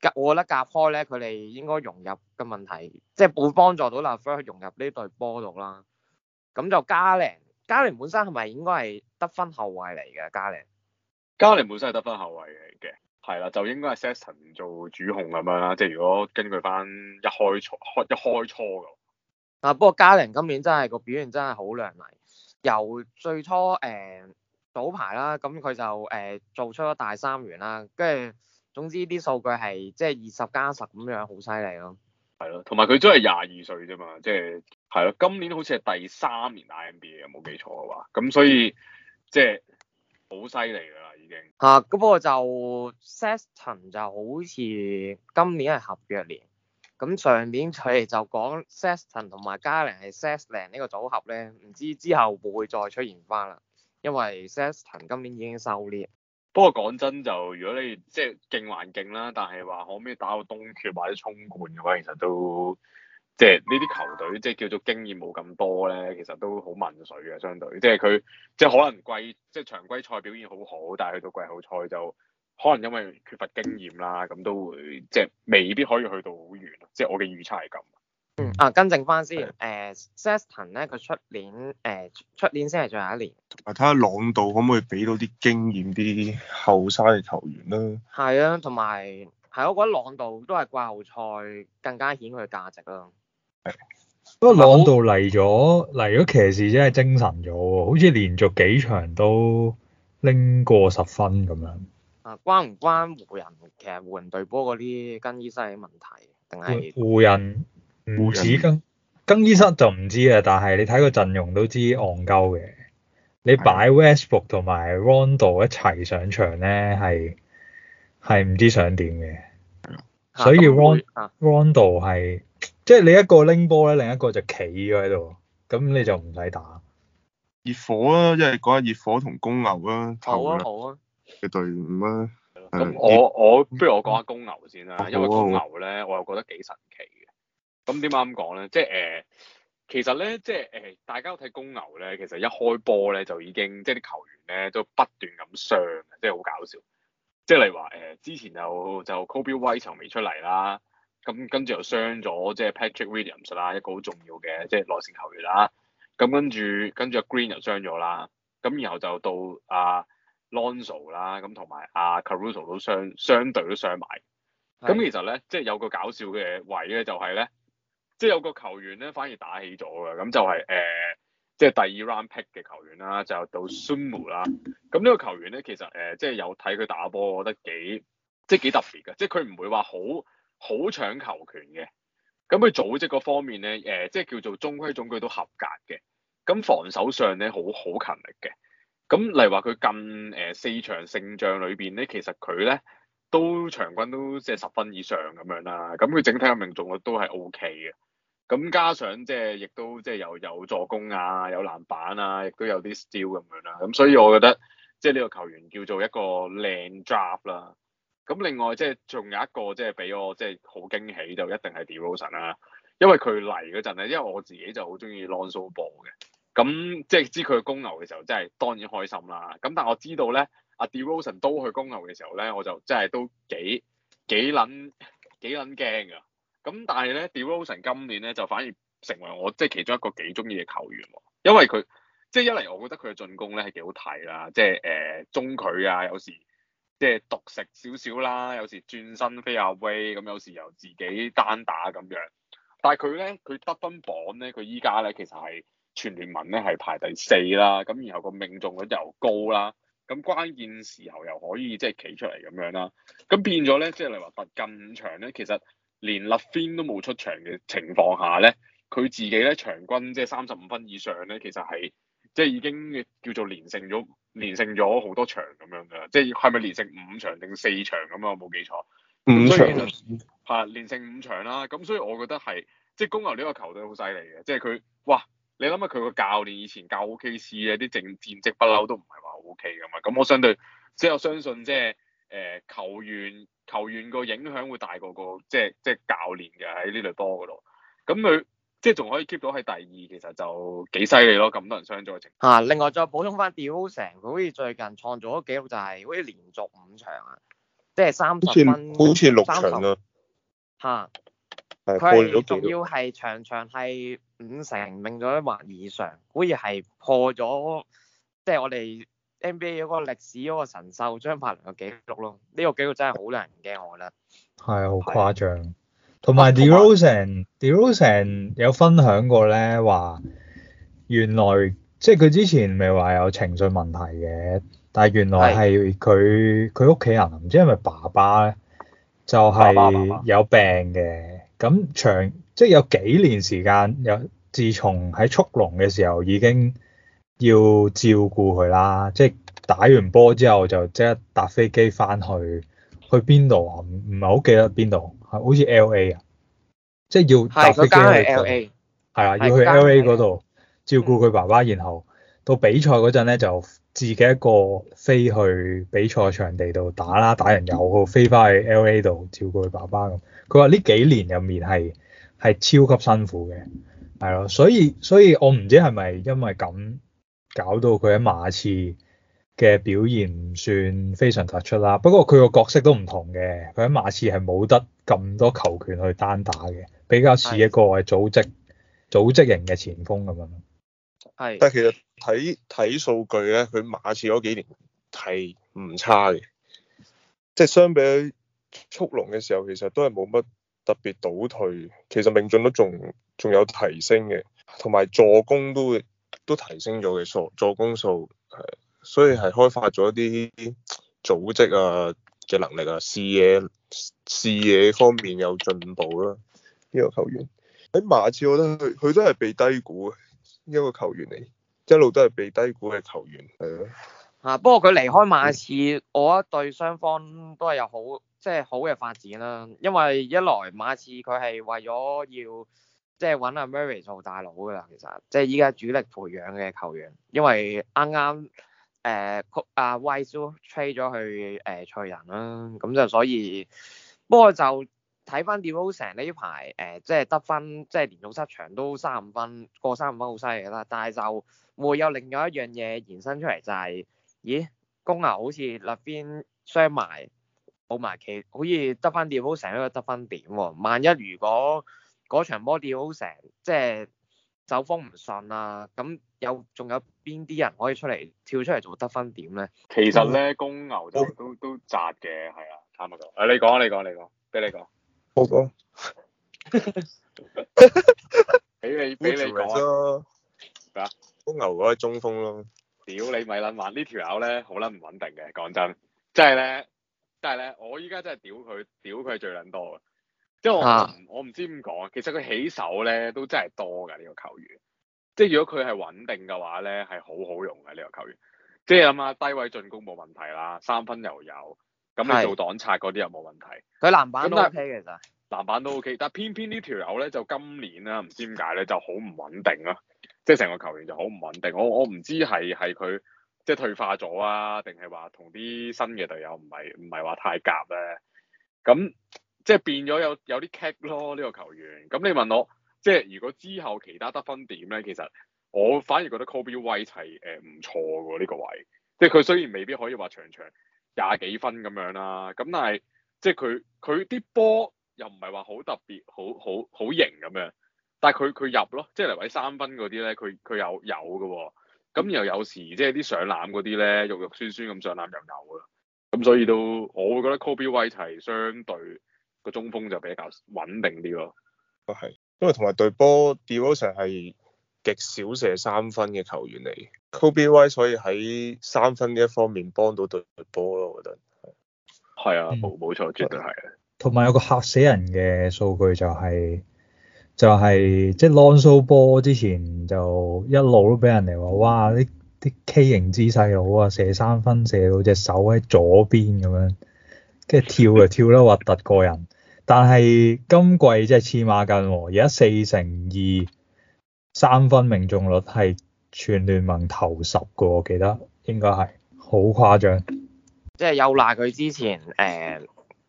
夾我覺得夾開咧，佢哋應該融入嘅問題，即係會幫助到 LeVert 融入呢隊波度啦。咁就 Garland，Garland 本身係咪應該係得分後衛嚟嘅？Garland，Garland 本身係得分後衛嚟嘅。係啦，就應該係 Sexton 做主控咁樣啦。即係如果根據翻一,一開初，開一開初嘅。嗱，不過嘉玲今年真係個表現真係好亮麗。由最初誒、呃、早排啦，咁佢就誒、呃、做出咗大三元啦。跟住總之啲數據係即係二十加十咁樣，好犀利咯。係咯，同埋佢真係廿二歲啫嘛，即係係咯。今年好似係第三年打 NBA，冇記錯嘅話，咁所以即係好犀利。吓，咁我、啊、就 s e s t o n 就好似今年係合約年，咁上年佢就講 s e s t o n 同埋嘉玲係 s e s t o n 呢個組合咧，唔知之後會唔會再出現翻啦？因為 s e s t o n 今年已經收獵。不過講真就，如果你即係勁還勁啦，但係話可唔可以打到東決或者衝冠嘅話，其實都。即係呢啲球隊，即係叫做經驗冇咁多咧，其實都好濛水嘅。相對，即係佢即係可能季，即係常規賽表現好好，但係去到季後賽就可能因為缺乏經驗啦，咁都會即係未必可以去到好遠。即係我嘅預測係咁。嗯，啊，跟正翻先。誒，Seston 咧，佢出、呃、年誒出、呃、年先係最後一年。同埋睇下朗度可唔可以俾到啲經驗啲後生嘅球員咧。係啊，同埋係我覺得朗度都係季後賽更加顯佢價值囉。不過朗度嚟咗嚟咗，騎士真係精神咗，好似連續幾場都拎過十分咁樣。啊，關唔關湖人？其實湖人隊波嗰啲更衣室問題，定係湖人湖士、更人更衣室就唔知啦。但係你睇個陣容都知戇鳩嘅。你擺 Westbrook 同埋 Rondo 一齊上場咧，係係唔知想點嘅。所以 Rondo 係、啊。即係你一個拎波咧，另一個就企咗喺度，咁你就唔使打。熱火啦、啊。即係講下熱火同公牛啦、啊啊，好啊好啊嘅隊伍啊。咁我熱我，我不如我講下公牛先啦，啊、因為公牛咧，我又覺得幾神奇嘅。咁點解咁講咧？即係誒、呃，其實咧，即係誒、呃，大家都睇公牛咧，其實一開波咧就已經，即係啲球員咧都不斷咁傷，即係好搞笑。即係例如話誒、呃，之前有就就 Coby White 仲未出嚟啦。咁跟住又傷咗，即係 Patrick Williams 啦，一個好重要嘅即係內線球員啦。咁跟住跟住 Green 又傷咗啦。咁然後就到阿、啊、Lonsal、so、啦，咁同埋、啊、阿 Caruso 都傷，相對都傷埋。咁的其實咧，即、就、係、是、有個搞笑嘅位咧，就係咧，即係有個球員咧反而打起咗嘅。咁就係、是、誒，即、呃、係、就是、第二 round pick 嘅球員啦，就到 Sumur 啦。咁呢個球員咧，其實誒，即、呃、係、就是、有睇佢打波，我覺得幾即係幾特別嘅。即係佢唔會話好。好搶球權嘅，咁佢組織嗰方面咧，誒、呃、即係叫做中規中矩都合格嘅。咁防守上咧，好好勤力嘅。咁例如話佢近誒、呃、四場勝仗裏邊咧，其實佢咧都場均都即係十分以上咁樣啦。咁佢整體嘅命中率都係 OK 嘅。咁加上即係亦都即係又有，有助攻啊，有籃板啊，亦都有啲 steal 咁樣啦。咁所以我覺得即係呢個球員叫做一個靚 job 啦。咁另外即係仲有一個即係俾我即係好驚喜就一定係 DeRozan 啦、啊，因為佢嚟嗰陣咧，因為我自己就好中意 Lanza 播嘅，咁即係知佢公牛嘅時候，真係當然開心啦。咁但係我知道咧，阿、啊、DeRozan 都去公牛嘅時候咧，我就真係都幾幾撚幾撚驚㗎。咁但係咧，DeRozan 今年咧就反而成為我即係其中一個幾中意嘅球員喎，因為佢即係一嚟我覺得佢嘅進攻咧係幾好睇啦，即係誒中佢啊有時。即係獨食少少啦，有時轉身 fade away，咁有時又自己單打咁樣。但係佢咧，佢得分榜咧，佢依家咧其實係全聯盟咧係排第四啦。咁然後個命中率又高啦，咁關鍵時候又可以即係企出嚟咁樣啦。咁變咗咧，即係例如話近五場咧，其實連 LaVine 都冇出場嘅情況下咧，佢自己咧場均即係三十五分以上咧，其實係即係已經叫做連勝咗。連勝咗好多場咁樣㗎，即係係咪連勝五場定四場？咁我冇記錯。五場。係啊，連勝五場啦。咁所以我覺得係，即係公牛呢個球隊好犀利嘅，即係佢哇！你諗下佢個教練以前教 O.K.C 咧，啲正戰績不嬲都唔係話 O.K. 㗎嘛。咁我相對即係我相信即係誒、呃、球員，球員個影響會大過個即係即係教練嘅喺呢隊波嗰度。咁佢。即係仲可以 keep 到喺第二，其實就幾犀利咯！咁多人傷咗情況、啊。另外再補充翻，D.O. 成佢好似最近創造咗紀錄、就是，就係好似連續五場，場分啊，即係三十分，好似六場啊。嚇！佢仲要係場場係五成命中率或以上，好似係破咗即係我哋 NBA 嗰個歷史嗰個神獸張伯倫嘅紀錄咯。呢、這個紀錄真係好令人驚嘅，我覺得。係啊是，好誇張。同埋 DeRozan (noise) DeRozan 有分享過咧，話原來即係佢之前咪話有情緒問題嘅，但係原來係佢佢屋企人唔知係咪爸爸咧，就係、是、有病嘅。咁長即係、就是、有幾年時間，有自從喺速龍嘅時候已經要照顧佢啦。即、就、係、是、打完波之後就即刻搭飛機翻去，去邊度啊？唔唔係好記得邊度。係好似 L.A. 啊，即係要搭飛機去。佢梗係 L.A. 係啦，要去 L.A. 嗰度照顧佢爸爸，的然後到比賽嗰陣咧就自己一個飛去比賽場地度打啦，打完又好飛翻去 L.A. 度照顧佢爸爸咁。佢話呢幾年入面係係超級辛苦嘅，係咯，所以所以我唔知係咪因為咁搞到佢喺馬刺嘅表現唔算非常突出啦，不過佢個角色都唔同嘅。佢喺馬刺係冇得咁多球權去單打嘅，比較似一個係組織、的組織型嘅前鋒咁樣。係的，但係其實睇睇數據咧，佢馬刺嗰幾年係唔差嘅，即係相比速龍嘅時候，其實都係冇乜特別倒退。其實命中都仲仲有提升嘅，同埋助攻都都提升咗嘅數助攻數所以係開發咗一啲組織啊嘅能力啊，視野視野方面有進步啦、啊。呢、這個球員喺、哎、馬刺，我覺得佢佢都係被低估呢一、這個球員嚟，一路都係被低估嘅球員係咯。吓、啊，不過佢離開馬刺，我覺得對雙方都係有好即係、就是、好嘅發展啦、啊。因為一來馬刺佢係為咗要即係搵阿 Murray 做大佬噶啦，其實即係依家主力培養嘅球員，因為啱啱。誒，佢啊、uh，威少 trade 咗去誒賽人啦，咁就所以，不過就睇翻屌成呢排誒，即、呃、係、就是、得分，即係連續七場都三十五分，過三十五分好犀利啦。但係就會有另外一樣嘢延伸出嚟、就是，就係咦，公牛好似立邊傷埋，冇埋其，好似得翻屌成一個得分點喎、哦。萬一如果嗰場波屌成即係、就是、走風唔順啦、啊，咁。有仲有邊啲人可以出嚟跳出嚟做得分點咧？其實咧，公牛就都都扎嘅係啊，差唔多。誒，你講你講你講，俾你講，我講，俾你俾你講啊。公牛嗰個中鋒咯。屌你咪捻話，呢條友咧好捻唔穩定嘅，講真，即係咧，即係咧，我依家真係屌佢屌佢係最捻多嘅，即係我唔知點講啊。其實佢起手咧都真係多㗎呢個球員。即係如果佢係穩定嘅話咧，係好好用嘅呢個球員。即係諗下低位進攻冇問題啦，三分又有，有，咁你做擋拆嗰啲又冇問題。佢籃板都 OK 其實。籃板都 OK，但係偏偏條呢條友咧就今年啦，唔知點解咧就好唔穩定咯。即係成個球員就好唔穩定。我我唔知係係佢即係退化咗啊，定係話同啲新嘅隊友唔係唔係話太夾咧。咁即係變咗有有啲 cap 咯呢個球員。咁你問我？即係如果之後其他得分點咧，其實我反而覺得 Coby White 係誒唔錯嘅喎，呢、這個位。即係佢雖然未必可以話場場廿幾分咁樣啦，咁但係即係佢佢啲波又唔係話好特別，好好好型咁樣。但係佢佢入咯，即係嚟位三分嗰啲咧，佢佢有有嘅喎。咁又有時即係啲上籃嗰啲咧，肉肉酸酸咁上籃又有嘅。咁所以都我會覺得 Coby White 係相對個中鋒就比較穩定啲咯。都係、哦。因為同埋對波，DeRozan 係極少射三分嘅球員嚟，Coby White 所以喺三分呢一方面幫到對波咯，我覺得係啊，冇冇錯，絕對係啊。同埋、嗯、有個嚇死人嘅數據就係、係、就係、係就係、即係 Lonzo 波之前就一路都俾人哋話，哇！啲啲 K 型姿勢又好啊，射三分射到隻手喺左邊咁樣，跟住跳就跳得核突過人。 (laughs) 但係今季即係黐馬筋，而家四成二三分命中率係全聯盟頭十個，我記得應該係好誇張。即係又嗱，佢之前誒，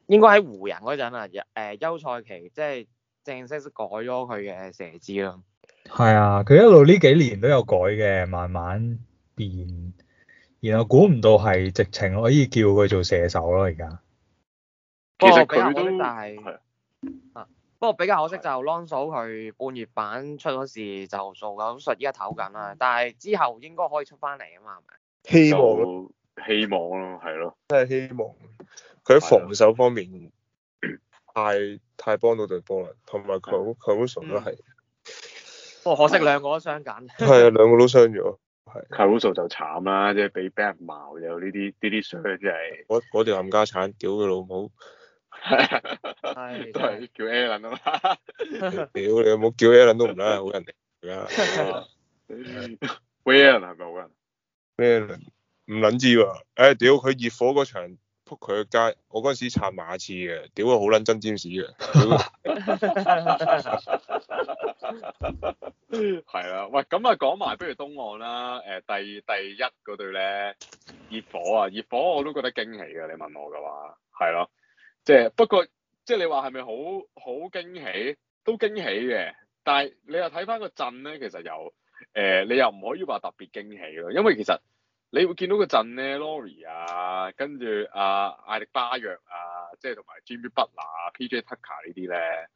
應該喺湖人嗰陣啊，誒休賽期即係正式改咗佢嘅射姿咯。係啊，佢一路呢幾年都有改嘅，慢慢變，然後估唔到係直情可以叫佢做射手咯，而家。其實佢但係，啊，不過比較可惜就 Lonzo 佢半月板出咗事就做手術，依家唞緊啦。但係之後應該可以出翻嚟啊嘛，係咪？希望，希望咯，係咯，即係希望。佢喺防守方面太太幫到隊波啦，同埋佢佢 Caruso 都係，不過可惜兩個都傷緊。係啊，兩個都傷咗，係。Caruso 就慘啦，即係俾俾人鬧，又呢啲呢啲傷，真係。我我條冚家鏟屌佢老母！係 (laughs) 都係叫 Aaron 啊嘛？屌你有冇叫 a (laughs) 叫 Aaron 都唔撚好人嚟噶，咩 Aaron 係好人？咩？唔撚知喎，誒，屌佢熱火嗰場撲佢去街，我嗰時刷馬刺嘅，屌佢好撚真尖屎嘅。係啦，喂，咁啊講埋不如東岸啦，誒、呃，第第一嗰對咧，熱火啊，熱火我都覺得驚喜嘅，你問我噶話，係咯。即係、就是，不過即係、就是、你話係咪好好驚喜？都驚喜嘅，但係你又睇翻個陣咧，其實又，誒、呃，你又唔可以話特別驚喜咯。因為其實你會見到個陣咧 Lowry 啊，跟住啊艾力巴約啊，即、就、係、是、同埋 Jimmy Butler、啊、P.J. Tucker 呢啲咧，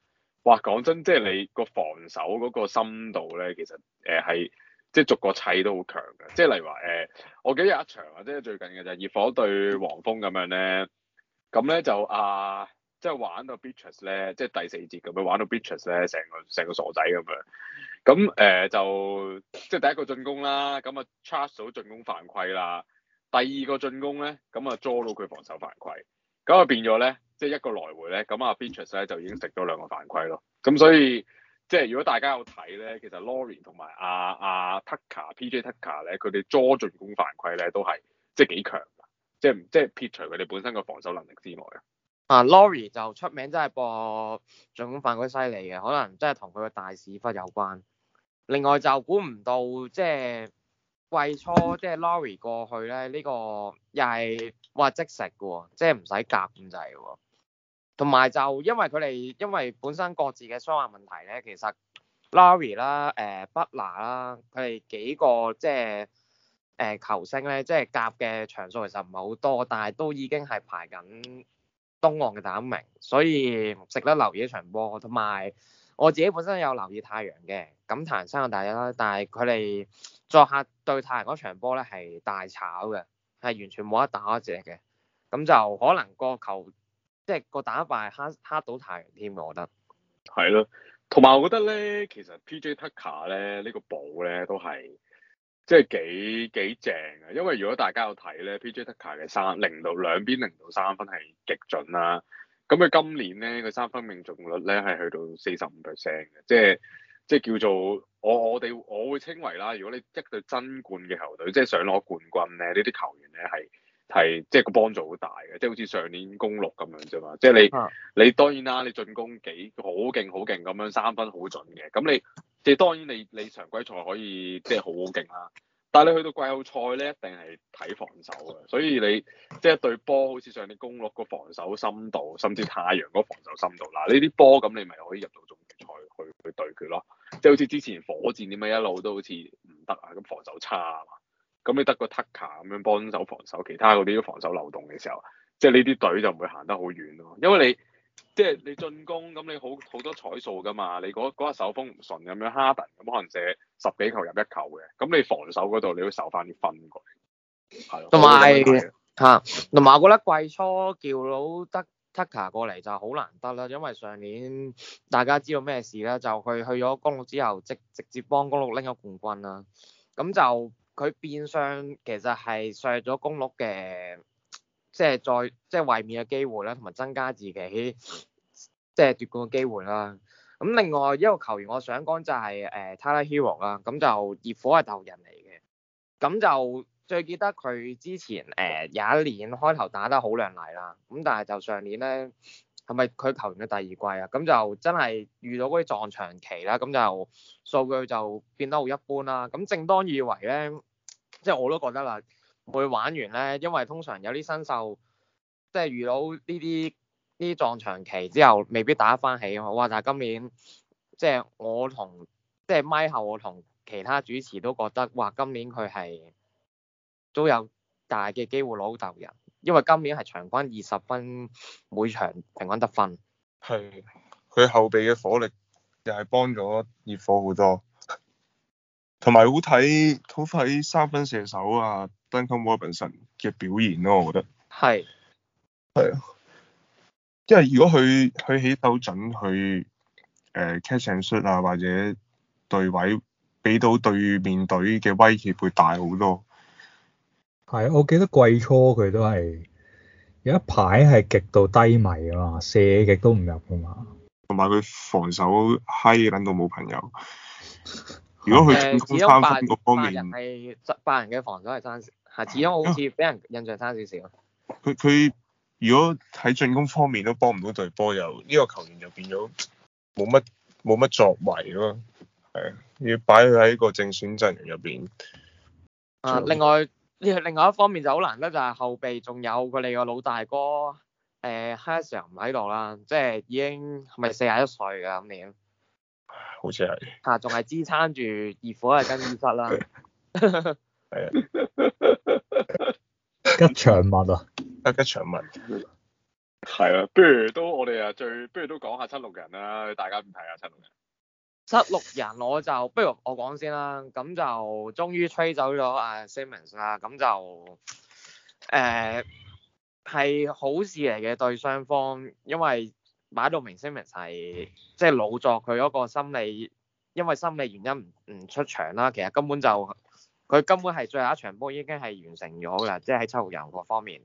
哇！講真，即、就、係、是、你個防守嗰個深度咧，其實誒係即係逐個砌都好強嘅。即、就、係、是、例如話誒、呃，我記得有一場啊，即、就是、最近嘅就係熱火對黃蜂咁樣咧。咁咧就啊，即、就、係、是、玩到 Bichas 咧，即、就、係、是、第四節咁樣玩到 Bichas 咧，成個成個傻仔咁樣。咁誒就即係、呃、第一個進攻啦，咁啊 charge 到進攻犯規啦。第二個進攻咧，咁啊捉到佢防守犯規，咁啊變咗咧，即、就、係、是、一個來回咧，咁啊 Bichas 咧就已經食咗兩個犯規咯。咁所以即係、就是、如果大家有睇咧，其實 Lowry 同、啊、埋阿阿 Tucker、啊、ucker, PJ Tucker 咧，佢哋捉進攻犯規咧都係即係幾強。即係，即係撇除佢哋本身嘅防守能力之外啊，Laurie 就出名真係博進攻犯規犀利嘅，可能真係同佢個大屎忽有關。另外就估唔到即係季初即係 Laurie 過去咧，呢、呢個又係話即食嘅喎，即係唔使夾咁滯喎。同埋就因為佢哋因為本身各自嘅傷患問題咧，其實 Laurie 啦、呃、誒、Butler 啦，佢哋幾個即係。誒球星咧，即係夾嘅場數其實唔係好多，但係都已經係排緊東岸嘅第一名，所以值得留意一場波。同埋我自己本身有留意太陽嘅，咁太陽三勝大一啦。但係佢哋作客對太陽嗰場波咧係大炒嘅，係完全冇得打一隻嘅。咁就可能個球即係、就是、個打敗黑黑倒太陽添，我覺得。係咯，同埋我覺得咧，其實 P.J. Tucker 咧呢、呢個寶咧都係。即係幾幾正啊！因為如果大家有睇咧，P.J. Tucker 嘅三零到兩邊零到三分係極準啦。咁佢今年咧，佢三分命中率咧係去到四十五 percent 嘅，即係即係叫做我我哋我會稱為啦。如果你一隊爭冠嘅球隊，即係想攞冠軍咧，呢啲球員咧係係即係個幫助好大嘅，即係好似上年公鹿咁樣啫嘛。即係你、啊、你當然啦，你進攻幾好勁好勁咁樣，三分好準嘅，咁你。即係當然你，你你常規賽可以即係好好勁啦，但係你去到季後賽咧，一定係睇防守嘅。所以你即係一對波，好似上年公鹿個防守深度，甚至太陽嗰防守深度嗱，呢啲波咁你咪可以入到總決賽去去，去對決咯。即係好似之前火箭點解一路都好似唔得啊？咁防守差啊嘛，咁你得個 Tucker 咁樣幫手防守，其他嗰啲防守漏洞嘅時候，即係呢啲隊就唔會行得好遠咯、啊，因為你。即係你進攻，咁你好好多彩數㗎嘛？你嗰個、嗰個手風唔順咁樣，哈登咁可能射十幾球入一球嘅，咁你防守嗰度你要受翻啲分過嚟，係咯。同埋嚇，同埋的我覺得季初叫老德 Tucker 過嚟就好難得啦，因為上年大家知道咩事咧？就佢去咗公鹿之後，直接直接幫公鹿拎咗冠軍啦。咁就佢變相其實係削咗公鹿嘅。即係再即係衛冕嘅機會啦，同埋增加自己即係奪冠嘅機會啦。咁另外一個球員，我想講就係誒 Tyler Herro 啦。咁就熱火係舊人嚟嘅，咁就最記得佢之前誒有、呃、一年開頭打得好靚麗啦。咁但係就上年咧係咪佢球員嘅第二季啊？咁就真係遇到嗰啲撞牆期啦，咁就數據就變得好一般啦。咁正當以為咧，即係我都覺得啦。會玩完咧，因為通常有啲新秀，即係遇到呢啲呢啲撞牆期之後，未必打得翻起啊！哇！但係今年即係我同即係咪後，我同其他主持都覺得哇，今年佢係都有大嘅機會攞到人，因為今年係場均二十分每場平均得分。係，佢後備嘅火力又係幫咗熱火好多。同埋好睇，好睇三分射手啊，Duncan Robinson 嘅表現咯、啊，我覺得係係啊，是因為如果佢佢起手準，佢誒、呃、catch and shoot 啊，或者對位俾到對面隊嘅威脅會大好多。係，我記得季初佢都係有一排係極度低迷啊嘛，射極都唔入啊嘛，同埋佢防守閪，捻到冇朋友。如果佢進攻翻分，分嗰方面，係百人嘅防守係差少，始終好似俾人印象差少少。佢佢，啊，如果喺進攻方面都幫唔到隊波，又，這、呢個球員就變咗冇乜冇乜作為咯。係啊，要擺佢喺個正選陣容入邊。啊，另外另外一方面就好難得就係後備仲有佢哋個老大哥，誒，呃、哈士亞唔喺度啦，即、就、係、是、已經係咪四十一歲㗎咁點？好似係啊，仲係支撐住熱火嘅更衣室啦。係 (laughs) (laughs) 啊，吉祥物啊，吉吉祥物。係啊，不如都我哋啊最，不如都講下七六人啦。大家唔睇下七六人，七六人我就不如我講先啦。咁就終於吹走咗阿 Simmons 啦。咁就誒係、呃、好事嚟嘅，對雙方，因為。擺明 Simmons 係即係老作佢嗰個心理，因為心理原因唔唔出場啦。其實根本就佢根本係最後一場波已經係完成咗噶，即係喺七六人嗰方面。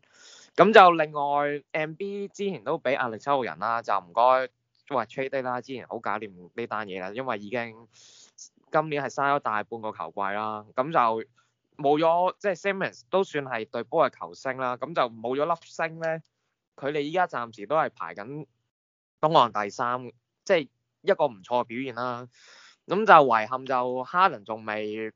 咁就另外 M B 之前都俾壓力七六人啦，就唔該喂 trade 低啦。之前好搞掂呢單嘢啦，因為已經今年係嘥咗大半個球季啦。咁就冇咗即係 Simmons 都算係對波嘅球星啦。咁就冇咗粒星咧，佢哋依家暫時都係排緊東岸第三，即係一個唔錯嘅表現啦。咁就遺憾就哈登仲未誒、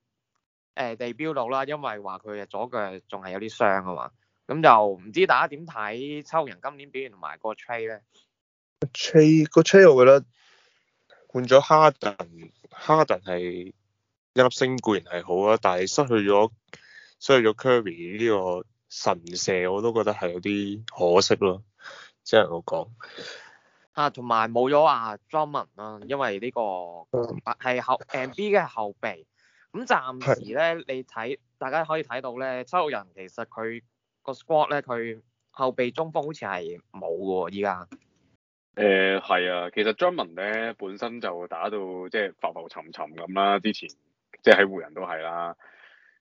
呃、地標到啦，因為話佢嘅左腳仲係有啲傷啊嘛。咁就唔知大家點睇秋人今年表現同埋個 trade 咧？Trade 個 trade 我覺得換咗哈登，哈登係一粒星固然係好啊，但係失去咗失去咗 Curry 呢個神射，我都覺得係有啲可惜咯。即係我講。吓，同埋冇咗阿 Drummond 啦，因為呢個係後 (laughs) MBA 嘅後備。咁暫時咧，你睇大家可以睇到咧， (laughs) 七六人，其實佢個 Squad 咧，佢後備中鋒好似係冇嘅喎，依家。誒、呃，係啊，其實 Drummond 咧本身就打到即係浮浮沉沉咁啦，之前即係喺湖人都係啦。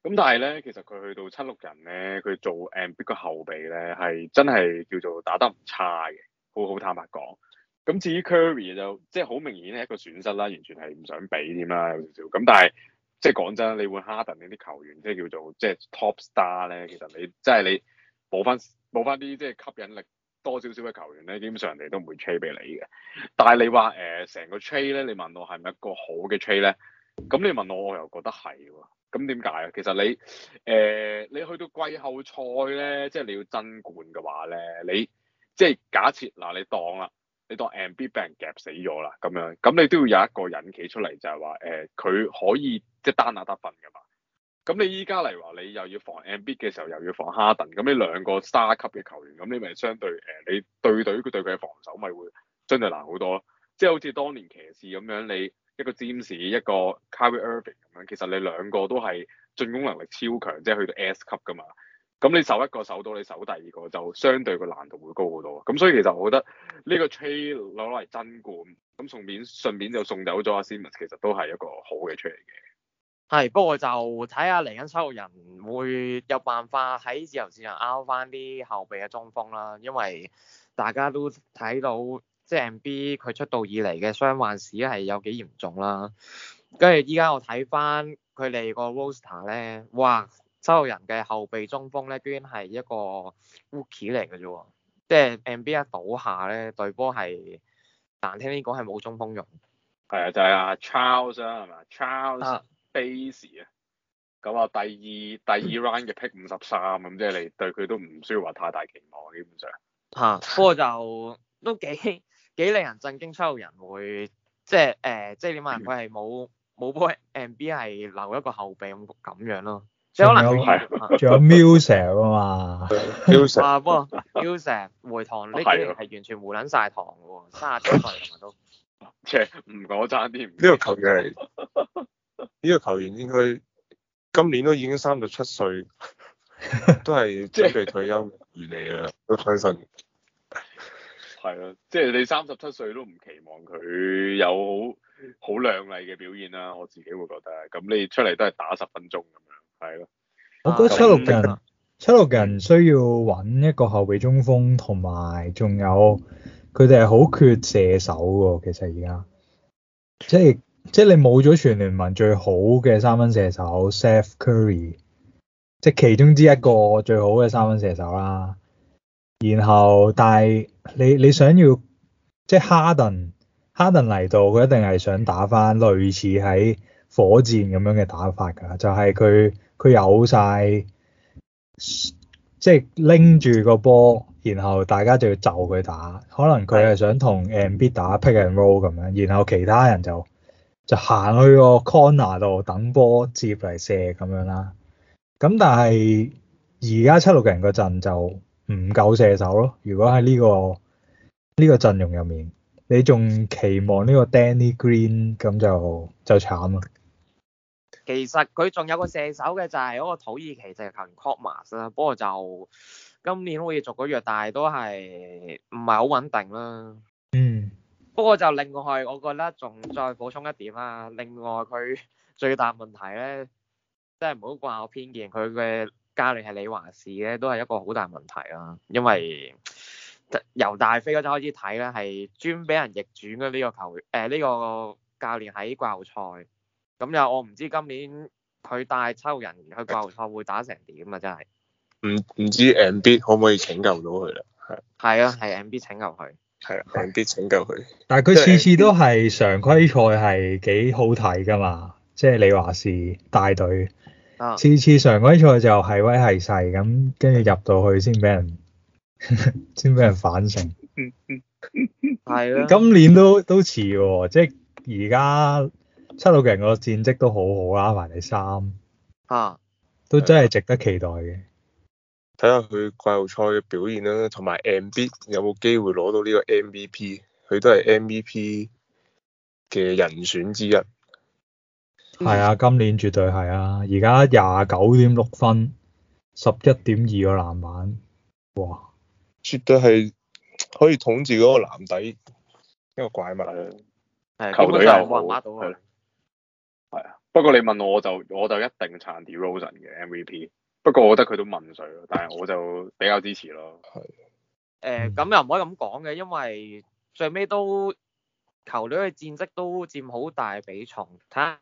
咁但係咧，其實佢去到七六人咧，佢做 MBA 嘅後備咧，係真係叫做打得唔差嘅，好好坦白講。咁至於 Curry 就即係好明顯係一個損失啦，完全係唔想俾點啦有少少。咁、那個、但係即係講真，你換 Harden 嗰啲球員，即、就、係、是、叫做即係、就是、Top Star 咧，其實你即係、就是、你補翻補翻啲即係吸引力多少少嘅球員咧，基本上人哋都唔會 trade 俾你嘅。但係你話誒成個 trade 咧，你問我係咪一個好嘅 trade 咧？咁你問我，我又覺得係喎。咁點解啊？其實你誒、呃、你去到季後賽咧，即、就、係、是、你要爭冠嘅話咧，你即係、就是、假設嗱，你當啦。你當 Embiid 俾人夾死咗啦，咁樣，咁你都要有一個引擎出嚟、呃，就係話誒，佢可以即係單打得分噶嘛。咁你依家嚟話你又要防 Embiid 嘅時候，又要防哈登，咁你兩個 Star 級嘅球員，咁你咪相對誒、呃，你對隊佢對佢嘅防守咪會真係難、就是、好多咯。即係好似當年騎士咁樣，你一個 James 一個 Kyrie Irving 咁樣，其實你兩個都係進攻能力超強，即、就、係、是、去到 S 級噶嘛。咁你守一個守到，你守第二個就相對個難度會高好多。咁所以其實我覺得呢個 trade 攞嚟爭冠，咁送面順便就送走咗阿 Simmons 其實都係一個好嘅 trade 嚟嘅。係，不過就睇下嚟緊收人會有辦法喺自由市場拗翻啲後備嘅中鋒啦，因為大家都睇到即係 M B 佢出道以嚟嘅傷患史係有幾嚴重啦。跟住依家我睇翻佢哋個 roster 咧，哇！七六人嘅後備中鋒咧，居然係一個 Rookie 嚟嘅啫喎，即係 NBA 倒下咧，隊波係難聽啲講係冇中鋒用，係啊，就係啊 Charles 啊，係咪 Charles Bassey 啊，咁啊第二第二 round 嘅 pick 五十三咁，即係你對佢都唔需要話太大期望，基本上嚇、啊，不過就都幾幾令人震驚，七六人會即係誒，即係點啊？佢係冇冇波 NBA 係留一個後備咁咁樣咯。即係可能仲有，仲有 Muse 啊嘛，Muse 啊， (laughs) 不過 (laughs) Muse 回堂呢幾年係完全胡捻晒堂嘅喎，卅幾歲同埋都，即係唔講爭啲。呢 (laughs) 個球員係，呢、這個球員應該今年都已經三十七歲，都係準備退休遠嚟啦，都相信。係咯，即係你三十七歲都唔期望佢有好好亮麗嘅表現啦。我自己會覺得，咁你出嚟都係打十分鐘咁樣，係咯。我覺得七六人、嗯、七六人需要揾一個後備中鋒，同埋仲有佢哋係好缺射手喎。其實而家即係即係你冇咗全聯盟最好嘅三分射手 Seth Curry，即係其中之一個最好嘅三分射手啦。然後但係你你想要即係哈登，哈登嚟到佢一定係想打翻類似喺火箭咁樣嘅打法㗎，就係佢佢有晒即係拎住個波，然後大家就要就佢打，可能佢係想同 MB 打 pick and roll 咁樣，然後其他人就就行去個 corner 度等波接嚟射咁樣啦。咁但係而家七六人陣就～唔夠射手咯，如果喺呢、這個呢、這個陣容入面，你仲期望呢個 Danny Green 咁就就慘啦。其實佢仲有個射手嘅就係嗰個土耳其射羣，就是、c o r m a s 啦，不過就今年可以逐個弱，但係都係唔係好穩定啦。嗯。不過就另外，我覺得仲再補充一點啊。另外佢最大問題咧，即係唔好怪我偏見，佢嘅。教練係李華士咧，都係一個好大問題啦。因為由大飛嗰陣開始睇咧，係專俾人逆轉嘅呢個球員，誒、呃、呢、這個教練喺季後賽。咁又我唔知今年佢帶抽人去季後賽會打成點啊！真係唔唔知 M B 可唔可以拯救到佢啦？係係啊，係 M B 拯救佢。係啊，M B 拯救佢。啊、但係佢次次都係常規賽係幾好睇噶嘛？即、就、係、是、李華士帶隊。次次常規賽就係威係勢咁，跟住入到去先俾人先俾 (laughs) 人反省。今年都都似喎，哦，即係而家七六人個戰績都好好啦，排第三，啊，都真係值得期待嘅。睇下佢季後賽嘅表現啦，同埋 M B 有冇機會攞到呢個 M V P，佢都係 M V P 嘅人選之一。係啊，今年絕對係啊！而家廿九點六分，十一點二個籃板，哇！絕對係可以統治嗰個籃底一個怪物啊！的球隊又好，係啊。不過你問我就，就我就一定撐 DeRozan 嘅 MVP。不過我覺得佢都問誰咯，但係我就比較支持咯。係。誒的，咁、呃、又唔可以咁講嘅，因為最尾都球隊嘅戰績都佔好大比重，睇下。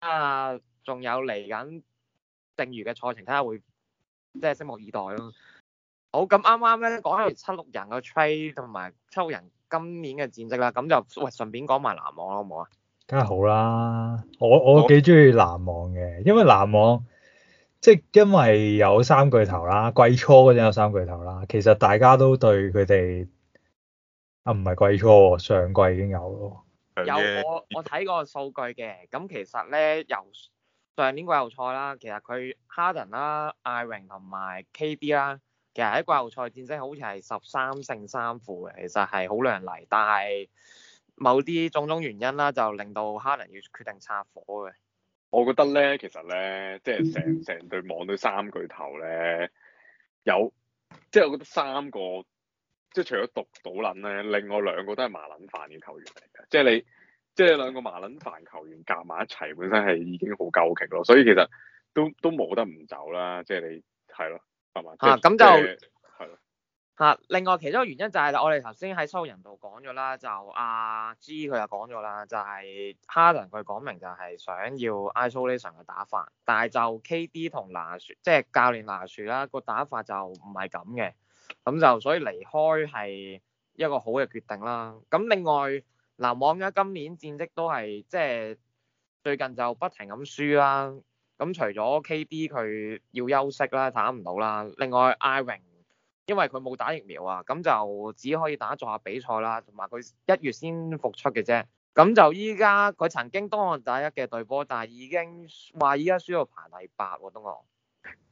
啊，仲有嚟緊剩餘嘅賽程，睇下會即係、就是、拭目以待咯。好，咁啱啱咧講起七六人嘅 trade 同埋七六人今年嘅戰績啦，咁就喂順便講埋籃網啦好唔好啊？梗係好啦，我我幾中意籃網嘅，因為籃網即係因為有三巨頭啦，季初嗰陣有三巨頭啦，其實大家都對佢哋啊唔係季初，上季已經有咯。有我我睇過數據嘅，咁、嗯、其實咧由上年季後賽啦，其實佢哈登啦、艾榮同埋 KD 啦，其實喺季後賽戰績好似係十三勝三負嘅，其實係好靚嚟，但係某啲種種原因啦，就令到哈登要決定拆夥嘅。我覺得咧，其實咧，即係成成隊望到三巨頭咧，有即係、就是、我覺得三個。即係除咗毒島撚咧，另外兩個都係麻撚飯嘅球員嚟嘅，即係你，即係兩個麻撚飯球員夾埋一齊，本身係已經好夠勁咯，所以其實都都冇得唔走啦，即係你係咯，係嘛？嚇咁就係咯。嚇，另外其中一個原因就係啦，我哋頭先喺收人度講咗啦，就阿、啊、G 佢又講咗啦，就係、是、Harden 佢講明就係想要 isolation 嘅打法，但係就 KD 同拿樹，即、就、係、是、教練拿樹啦，個打法就唔係咁嘅。咁就所以離開係一個好嘅決定啦。咁另外，籃網而家今年戰績都係即係最近就不停咁輸啦。咁除咗 KD 佢要休息啦，打唔到啦。另外，艾榮因為佢冇打疫苗啊，咁就只可以打作客比賽啦。同埋佢一月先復出嘅啫。咁就依家佢曾經當我第一嘅隊波，但係已經話依家輸到排第八喎、啊，東皇。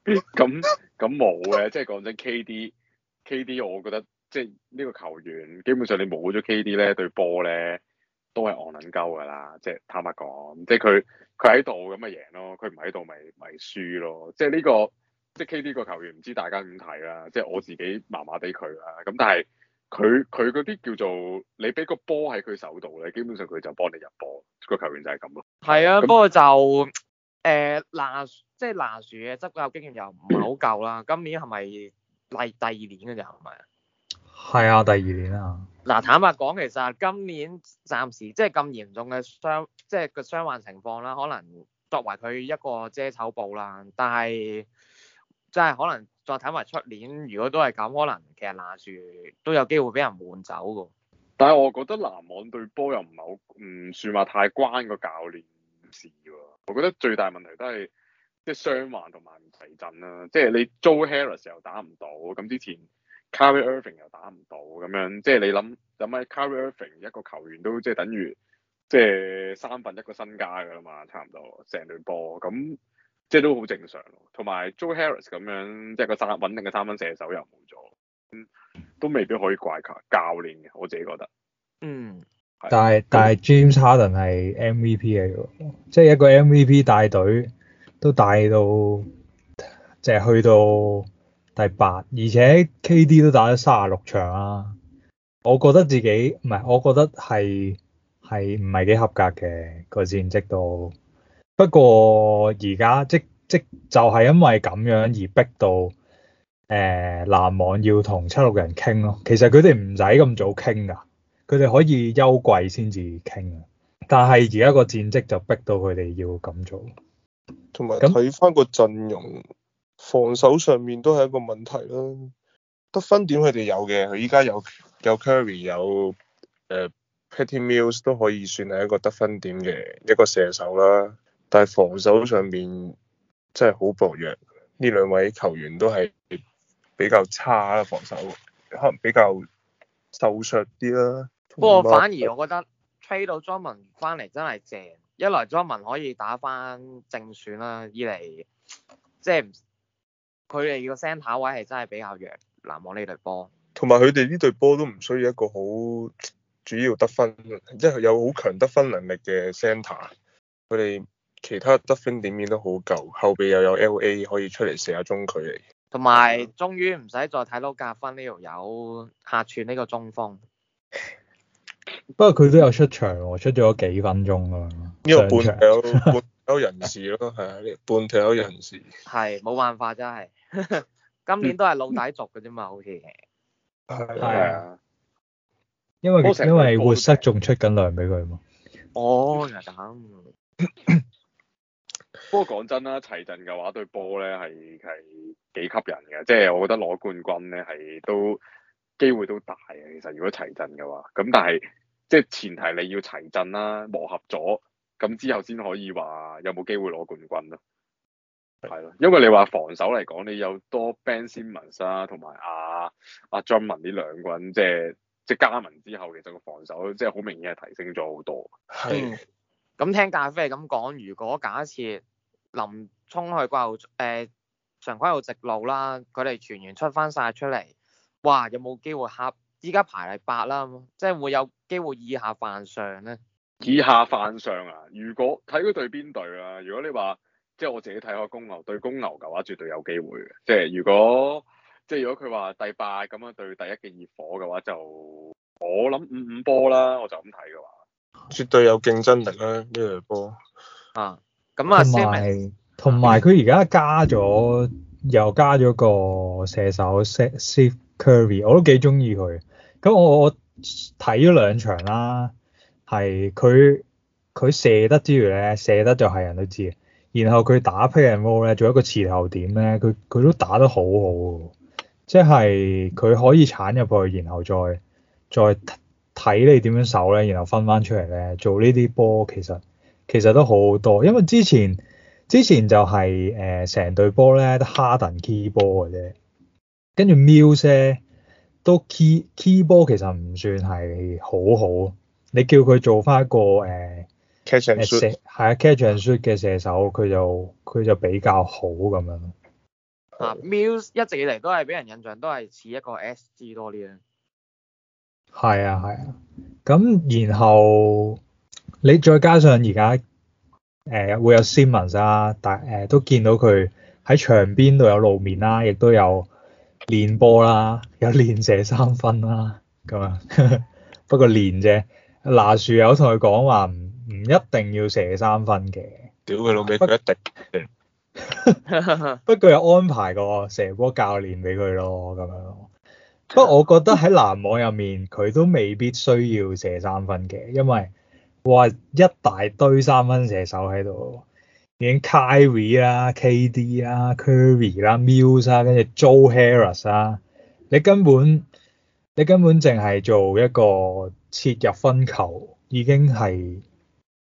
咁咁冇嘅，即係講真，KD。就是 (laughs) K D，我覺得即係呢個球員，基本上你冇咗 K D 咧，對波咧都係我撚鳩噶啦。即係坦白講，即係佢佢喺度咁咪贏咯，佢唔喺度咪咪輸咯。即係、這、呢個即係 K D 個球員，唔知大家點睇啦。即係我自己麻麻地佢啦。咁但係佢佢嗰啲叫做你俾個波喺佢手度咧，基本上佢就幫你入波。個球員就係咁咯。係啊，那不過就誒、呃、拿即係、就是、拿殊嘅執教經驗又唔係好夠啦。 (coughs) 今年係咪？例第二年嘅咋，係咪？係啊第二年啊。嗱，坦白講，其實今年暫時即係咁嚴重嘅傷，即係個傷患情況啦，可能作為佢一個遮醜布啦。但係即係可能再睇埋出年，如果都係咁，可能其實拿住都有機會俾人換走嘅。但係我覺得籃網對波又唔係好，唔算話太關個教練事喎。我覺得最大問題都係。即係傷患同埋唔齊陣啦，即係你 Joe Harris 又打唔到，咁之前 Kyrie Irving 又打唔到，咁樣即係你諗諗下 Kyrie Irving 一個球員都即係等於即係三分一個身家噶啦嘛，差唔多成隊波，咁即係都好正常，同埋 Joe Harris 咁樣，即係、啊、個三穩定嘅三分射手又冇咗，咁、嗯、都未必可以怪佢教練嘅，我自己覺得。嗯，但係是但係、嗯、James Harden 係 MVP 嚟嘅，即係一個 MVP 帶隊。都大到，淨係去到第八，而且 KD 都打咗三十六場啦！我覺得自己唔係，我覺得係係唔係幾合格嘅個戰績度。不過而家即即就係因為咁樣而逼到誒籃、呃、網要同七六人傾咯。其實佢哋唔使咁早傾噶，佢哋可以休季先至傾。但係而家個戰績就逼到佢哋要咁做。同埋睇翻個陣容，防守上面都係一個問題啦。得分點佢哋有嘅，佢依家有有 Curry 有誒、uh, Patty Mills 都可以算係一個得分點嘅一個射手啦。但係防守上面真係好薄弱，呢兩位球員都係比較差啦，防守可能比較瘦削啲啦。不過反而我覺得 trade、嗯、到 Drummond 翻嚟真係正。一來，佐文可以打翻正選啦；二嚟，即係佢哋個 centre 位係真係比較弱，籃網呢隊波。同埋佢哋呢隊波都唔需要一個好主要得分，即係有好強得分能力嘅 centre。佢哋其他得分點面都好夠，後邊又有 LA 可以出嚟射下中距離。同埋終於唔使再睇到格芬呢度有客串呢個中鋒。不過佢都有出場喎，出咗幾分鐘啊，呢個半退休半退休人士咯，係啊，半退休人士係冇辦法真係， (laughs) 今年都係老底族嘅啫嘛，好似係，係啊，啊因為因為活塞仲出緊糧俾佢嘛，嗯、哦，又打，不過講真啦，齊陣嘅話對波咧，係係幾吸引嘅，即係，我覺得攞冠軍咧係都機會都大嘅，其實如果齊陣嘅話，咁但係。即係前提你要齊陣啦，磨合咗，咁之後先可以話有冇機會攞冠軍咯。係咯，因為你話防守嚟講，你有多 Ben Simmons 啊，同埋阿阿 Drummond 呢兩個人，即係即係加盟之後，其實個防守即係好明顯係提升咗好多。係的。咁、嗯、聽咖啡咁講，如果假設林沖去季後誒常規路直路啦，佢哋全員出翻晒出嚟，哇！有冇機會黑？依家排第八啦，即係會有機會以下犯上咧。以下犯上啊！如果睇佢對邊隊啊。如果你話即係我自己睇下公牛對公牛嘅話，絕對有機會嘅。即係如果即係如果佢話第八咁樣對第一嘅熱火嘅話就，就我諗五五波啦，我就咁睇嘅話。絕對有競爭力啦呢隊波。啊，咁啊，同埋同埋佢而家加咗、啊、又加咗個射手 s h a Curry 我都幾中意佢，咁我我睇咗兩場啦，係佢佢射得之餘咧，射得就係人都知，然後佢打 pick and roll 咧，做一個前後點咧，佢佢都打得好好，即係佢可以鏟入去，然後再再睇你點樣守咧，然後分翻出嚟咧，做呢啲波其實其實都好多，因為之前之前就係誒成隊波咧都 Harden key 波嘅啫。跟住 Mills 都 key key ball 其實唔算係好好。你叫佢做翻一個誒 catch and shoot 係啊，catch and shoot 嘅射，射手佢就佢就比較好咁樣。啊、嗯、，Mills 一直以嚟都係俾人印象都係似一個 SG 多啲啊。係啊係啊，咁然後你再加上而家誒會有 Simmons 啊，但誒、呃、都見到佢喺場邊度有露面啦、啊，亦都有，練波啦，有練射三分啦，咁啊， (laughs) 不過練啫。拿殊有同佢講話唔唔一定要射三分嘅，屌佢老味，佢一定。不過有安排個射波教練俾佢咯，咁樣。 (laughs) 不過我覺得喺籃網入面，佢都未必需要射三分嘅，因為哇一大堆三分射手喺度。已經 Kyrie 啦、KD 啦、Curry 啦、Mills 啦，跟住 Joe Harris 啦，你根本你根本淨係做一個切入分球，已經係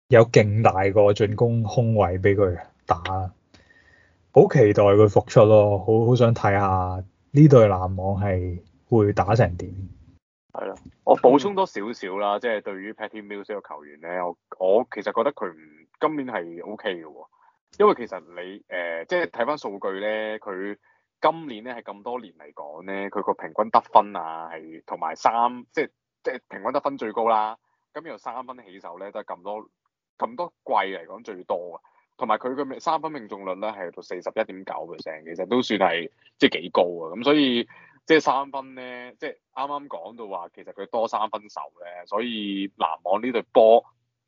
有勁大個進攻空位俾佢打。好期待佢復出咯，好好想睇下呢隊籃網係會打成點。係啦，我補充多少少啦，即係對於 Patty Mills 呢個球員咧，我我其實覺得佢唔。今年係 O K 嘅喎，因為其實你誒、呃、即係睇翻數據咧，佢今年咧係咁多年嚟講咧，佢個平均得分啊係同埋三即係即係平均得分最高啦。咁又三分起手咧得咁多咁多季嚟講最多嘅，同埋佢個三分命中率咧係到四十一點九 percent，其實都算係即係幾高啊。咁所以即係三分咧，即係啱啱講到話其實佢多三分手咧，所以籃網呢隊波。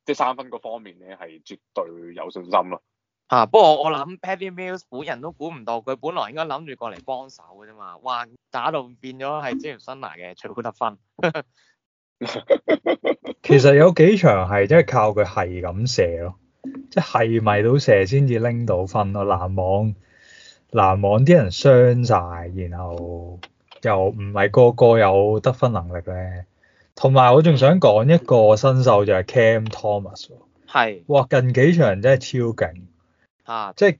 即三分嗰方面咧，係絕對有信心咯。嚇、啊！不過我我諗 Patty Mills 本人都估唔到，佢本來應該諗住過嚟幫手嘅啫嘛。哇！打到變咗係之前新拿嘅，除佢得分。 (laughs) (laughs) 其實有幾場係真係靠佢係咁射咯，即係咪到射先至拎到分咯？籃網籃網啲人傷晒，然後又唔係個個有得分能力咧。同埋我仲想講一個新秀，就係 Cam Thomas 喎，係，哇，近幾場真係超勁啊！即係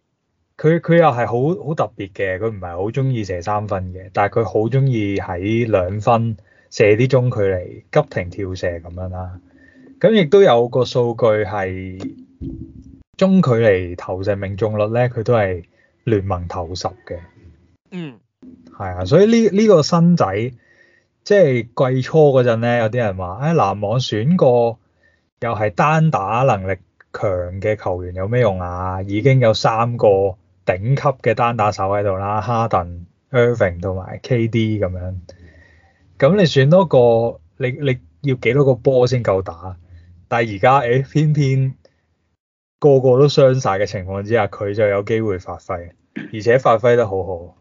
佢佢又係好好特別嘅，佢唔係好中意射三分嘅，但係佢好中意喺兩分射啲中距離急停跳射咁樣啦。咁亦都有個數據係中距離投射命中率咧，佢都係聯盟投十嘅。嗯，係啊，所以呢呢、呢個新仔。即係季初嗰陣咧，有啲人話，誒籃網選個又係單打能力強嘅球員有咩用啊？已經有三個頂級嘅單打手喺度啦，哈登、Irving 同埋 KD 咁樣。咁你選多個，你你要幾多個波先夠打？但係而家誒，偏偏個個都傷晒嘅情況之下，佢就有機會發揮，而且發揮得好好。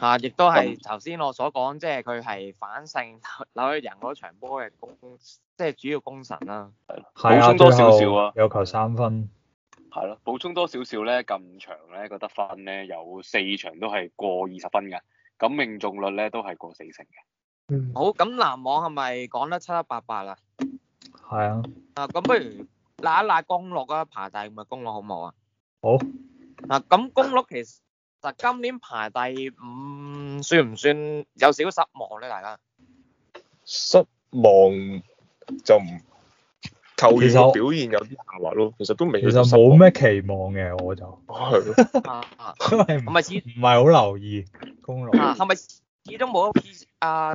啊！亦都係頭先我所講，即係佢係反勝紐約人嗰場波嘅功，即係主要功臣啦。係啊，補、啊、充多少少啊，有球三分。係咯、啊，補充多少少咧，咁長咧個得分咧有四場都係過二十分嘅，咁命中率咧都係過四成嘅。嗯，好，咁籃網係咪講得七七八八啊？係啊。啊，咁不如拉一拉公鹿啊，爬大咪公鹿好唔好啊？好。嗱，咁公鹿其實。但今年排第五，算唔算有少失望咧？大家失望就唔球員表現有啲下滑咯。其實都未，其實冇咩期望嘅，我就係咯，因為唔係唔係好留意公鹿啊。係咪始終冇咗 PJ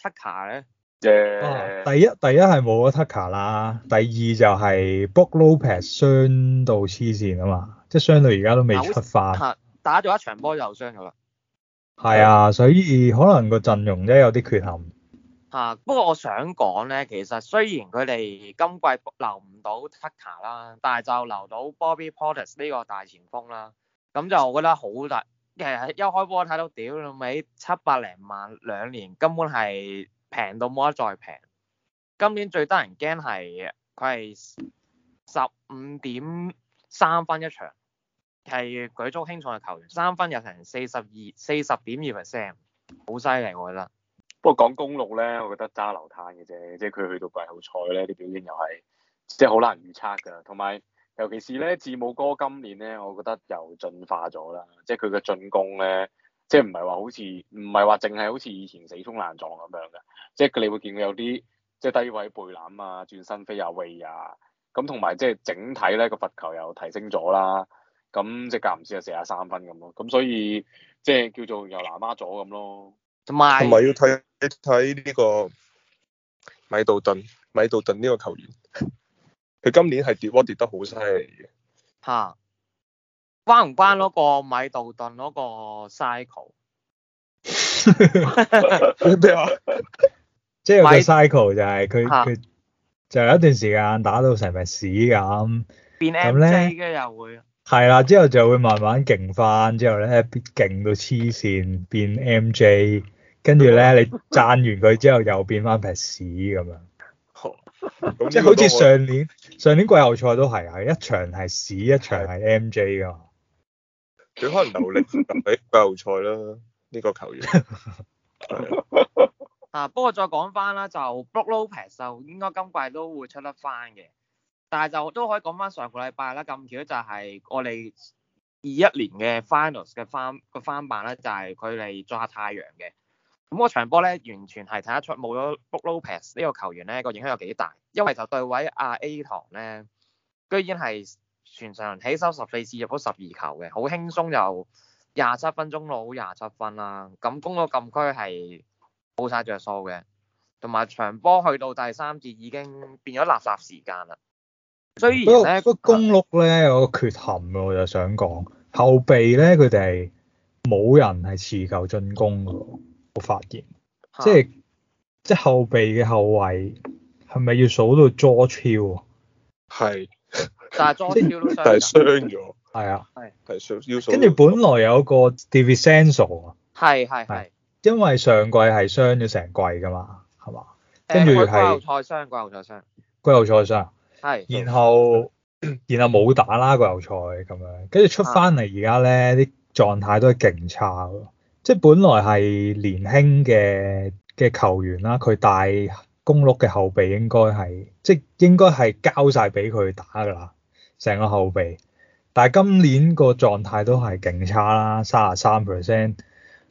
Tucker 咧？即係第一，第一係冇咗 Tucker 啦。第二就係 Brook Lopez 傷到黐線啊嘛，即係傷到而家都未出翻。打咗一場波就傷咗啦，係啊，所以可能個陣容咧有啲缺陷嚇。 (noise) 不過我想講咧，其實雖然佢哋今季留唔到 Tucker 啦，但係就留到 Bobby Portis 呢個大前鋒啦。咁就我覺得好大，其實一開波睇到屌你尾七百零萬兩年根本係平到冇得再平。今年最得人驚係佢係十五點三分一場。係舉足輕重嘅球員，三分入成四十二、四十點二 percent，好犀利，我覺得。 (music) 不過講公路咧，我覺得揸流灘嘅啫，即係佢去到季後賽咧，啲表現又係即係好難預測㗎。同埋尤其是咧字母哥今年咧，我覺得又進化咗啦，即係佢嘅進攻咧，即係唔係話好似唔係話淨係好似以前死衝爛撞咁樣嘅，即係佢你會見到有啲即係低位背籃啊、轉身飛啊、喂啊，咁同埋即係整體咧個罰球又提升咗啦。咁即係隔唔時就射下三分咁咯，咁所以即係叫做又難孖咗咁咯。同埋同埋要睇睇呢個米道頓，米道頓呢個球員，佢今年係跌波跌得好犀利嘅。吓關唔關嗰個米道頓嗰個 cycle？即係個 cycle 就係佢佢就有一段時間打到成片屎咁。咁咧 M？又會係啦，之後就會慢慢勁翻，之後咧變勁到黐線，變 MJ，跟住咧你讚完佢之後又變翻劈屎咁樣，即係好似上年上年季後賽都係啊，一場係屎，一場係 MJ 啊，最可能努力喺季後賽啦呢個球員。啊 course， (laughs) 不過再講翻啦，就 Brook Lopez 應該今季都會出得翻嘅。但係就都可以講翻上個禮拜啦，咁橋就係我哋二一年嘅 Finals 嘅翻個翻版咧，番番就係佢哋抓下太陽嘅。咁、嗰個場波咧，完全係睇得出冇咗 Brook Lopez 呢個球員咧個影響有幾大，因為就對位阿 A 堂咧，居然係全場起手十四次入咗十二球嘅，好輕鬆就廿七分鐘攞到廿七分啦。咁攻到禁區係冇晒著數嘅，同埋場波去到第三節已經變咗垃圾時間啦。所以咧，個公鹿咧有個缺陷，我就想講後備咧，佢哋冇人係持久進攻嘅，我發現，即係即係後備嘅後衞係咪要數到 George Hill？係，但係 George Hill 傷咗。係啊，係係要數。跟住本來有個 DiVincenzo 啊，係係係，因為上季係傷咗成季噶嘛，係嘛？跟住係。季後賽傷，季後賽傷。係，然後、那個、然後冇打啦，季後賽咁樣，跟住出翻嚟而家咧啲狀態都係勁差咯。即係本來係年輕嘅嘅球員啦，佢帶公鹿嘅後備應該係即係應該係交晒俾佢打噶啦，成個後備。但係今年個狀態都係勁差啦，三十三 percent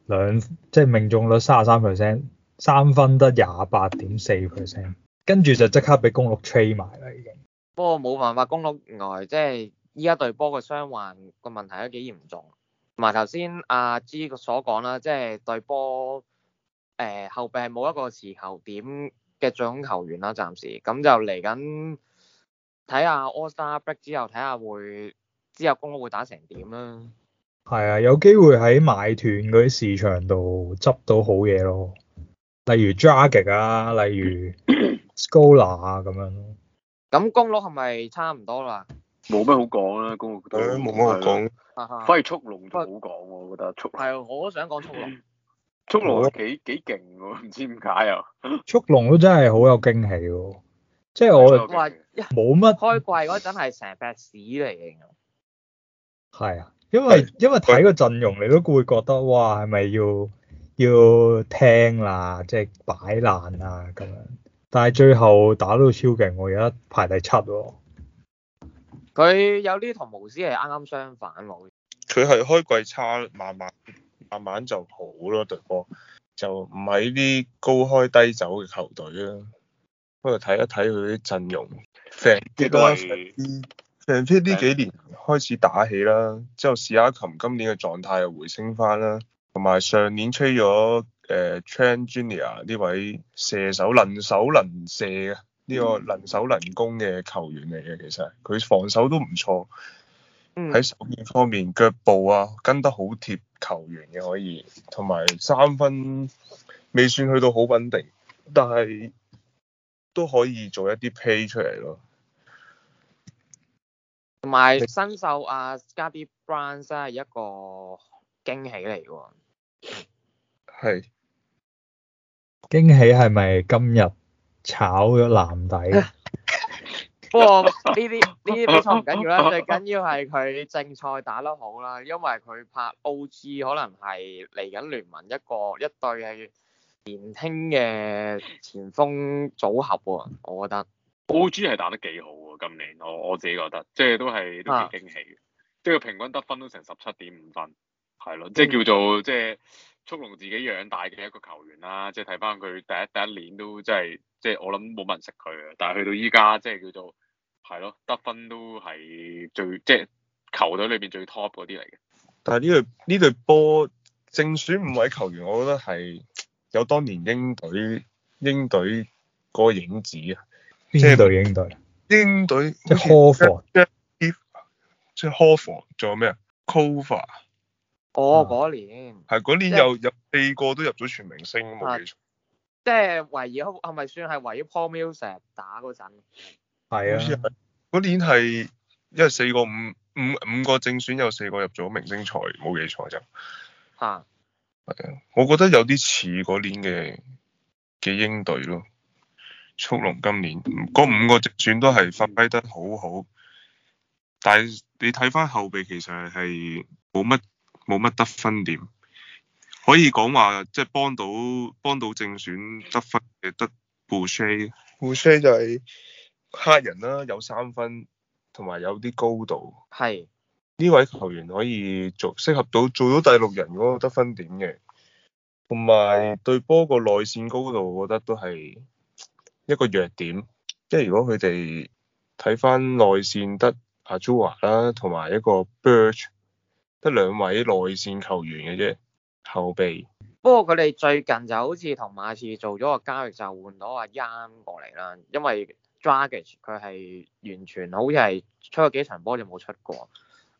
兩即係命中率三十三 percent，三分得廿八點四 percent，跟住就即刻俾公鹿吹埋啦。不過冇辦法，公鹿原來即係依家對波嘅傷患個問題都幾嚴重。同埋頭先阿 G 所講啦，即係對波誒、呃、後備係冇一個持球點嘅進攻球員啦，暫時咁就嚟緊睇下 All-Star break 之後睇下會之後公鹿會打成點啦。係啊，有機會喺買斷嗰啲市場度執到好嘢咯，例如 Dragic 啊，例如 Scola 啊咁樣。咁公鹿係咪差唔多啦？冇乜好講啦，公鹿，得，冇乜的哈好講，反而速龍仲好講，我覺得速。係，我都想講速龍。速龍幾幾勁喎，唔知點解啊，速龍都真係好有驚喜，即係我話冇乜開季嗰陣係成塊屎嚟嘅。係啊，因為因為睇個陣容，你都會覺得哇，係咪要要聽啦，即係擺爛啊咁樣。但係最後打到超勁我而家排第七喎。佢有呢同巫師係啱啱相反喎。佢係開季差，慢慢慢慢就好咯，隊波就唔係啲高開低走嘅球隊啦。不過睇一睇佢啲陣容，VanVleet 都係 VanVleet，VanVleet 呢幾年開始打起啦，之後史亞琴今年嘅狀態又回升翻啦，同埋上年吹咗。誒 uh, Trent Junior 呢位射手，能守能射嘅呢、呢個能守能攻嘅球員嚟嘅，其實佢防守都唔錯，喺守邊方面腳步啊跟得好貼球員嘅可以，同埋三分未算去到好穩定，但係都可以做一啲 play 出嚟咯。同埋新秀啊，Scottie Barnes 真係一個驚喜嚟喎。係。 (laughs) 驚喜係咪今日炒咗藍底？ (laughs) 不過呢啲呢啲比賽唔緊要啦，最緊要係佢正賽打得好啦。因為佢拍 O G 可能係嚟緊聯盟一個一對係年輕嘅前鋒組合，啊。我覺得 O G 係打得幾好啊！今年我我自己覺得，即係都係都幾驚喜嘅。啊、即係平均得分都成十七點五分，係咯、嗯，即係叫做即係。速龍自己養大嘅一個球員啦，即係睇翻佢第一第一年都真係，即係我諗冇乜人識佢啊！但係去到依家，即係叫做係咯，得分都係最即係球隊裏邊最 top 嗰啲嚟嘅。但係呢隊呢隊波正選五位球員，我覺得係有當年英隊英隊個影子啊！邊隊英隊？英隊即係科房，即係科房，仲有咩啊？科防。我嗰、oh, 年係嗰 (noise) 年又入即四個都入咗全明星冇記錯，即係唯一係咪算係唯一 Paul Millsap 打嗰陣？係啊，嗰年係因為四個五五五個正選有四個入咗明星賽冇記錯就嚇，係啊，我覺得有啲似嗰年嘅嘅鷹隊咯，速龍今年嗰五個正選都係發揮得好好，但係你睇翻後備其實係冇乜。冇乜得分點，可以講話即係幫到幫到正選得分嘅得布希、er。布希、er、就係黑人啦、啊，有三分同埋有啲高度。係呢是位球員可以做適合到做到第六人嗰個得分點嘅，同埋對波個內線高度，我覺得都係一個弱點。即係如果佢哋睇翻內線得阿朱華啦，同埋一個 Berch。得兩位內線球員嘅啫，後備。不過佢哋最近就好似同馬刺做咗個交易，就換到阿 Young 過嚟啦。因為 Dragic 佢係完全好似係出咗幾場波就冇出過，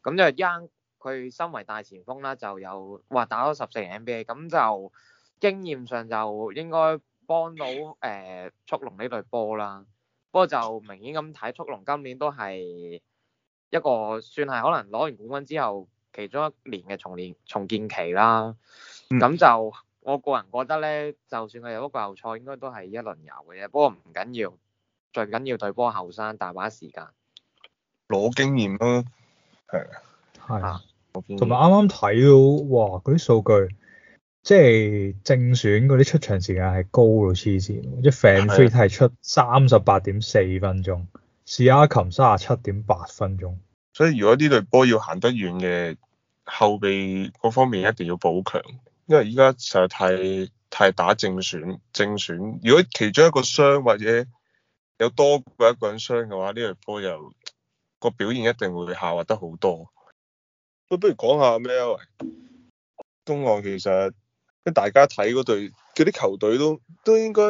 咁就 Young 佢身為大前鋒啦，就有話打咗十四年 NBA，咁就經驗上就應該幫到誒、呃、速龍呢隊波啦。不過就明顯咁睇，速龍今年都係一個算係可能攞完冠軍之後。其中一年嘅重建重建期啦，咁、嗯、就我個人覺得咧，就算我有咗季後賽，應該都係一輪遊嘅啫。不過唔緊要，最緊要對波後生，大把時間攞經驗咯，係啊，同埋啱啱睇到哇，嗰啲數據即係正選嗰啲出場時間係高到黐線，即係 VanVleet 係出三十八點四分鐘，Siakam 三十七點八分鐘。所以如果呢隊波要行得遠嘅，後備嗰方面一定要補強，因為依家實在太太打正選，正選如果其中一個傷或者有多過一個人傷嘅話，呢隊波又個表現一定會下滑得好多。不不如講下咩啊？喂，東岸其實，大家睇嗰隊嗰啲球隊都都應該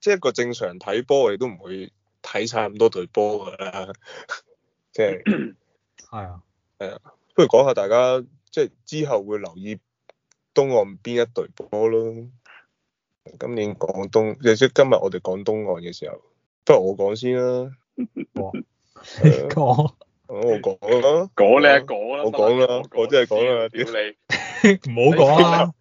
即係一個正常睇波，亦都唔會睇晒咁多隊波噶啦，即係係啊，係啊。不如講下大家即係之後會留意東岸邊一隊波咯。今年廣東，即係今日我哋講東岸嘅時候，不如我講先啦。我講，我講啦、啊，講你就講啦。我講啦、啊，我真係講啦、啊。屌你、啊，唔好講屌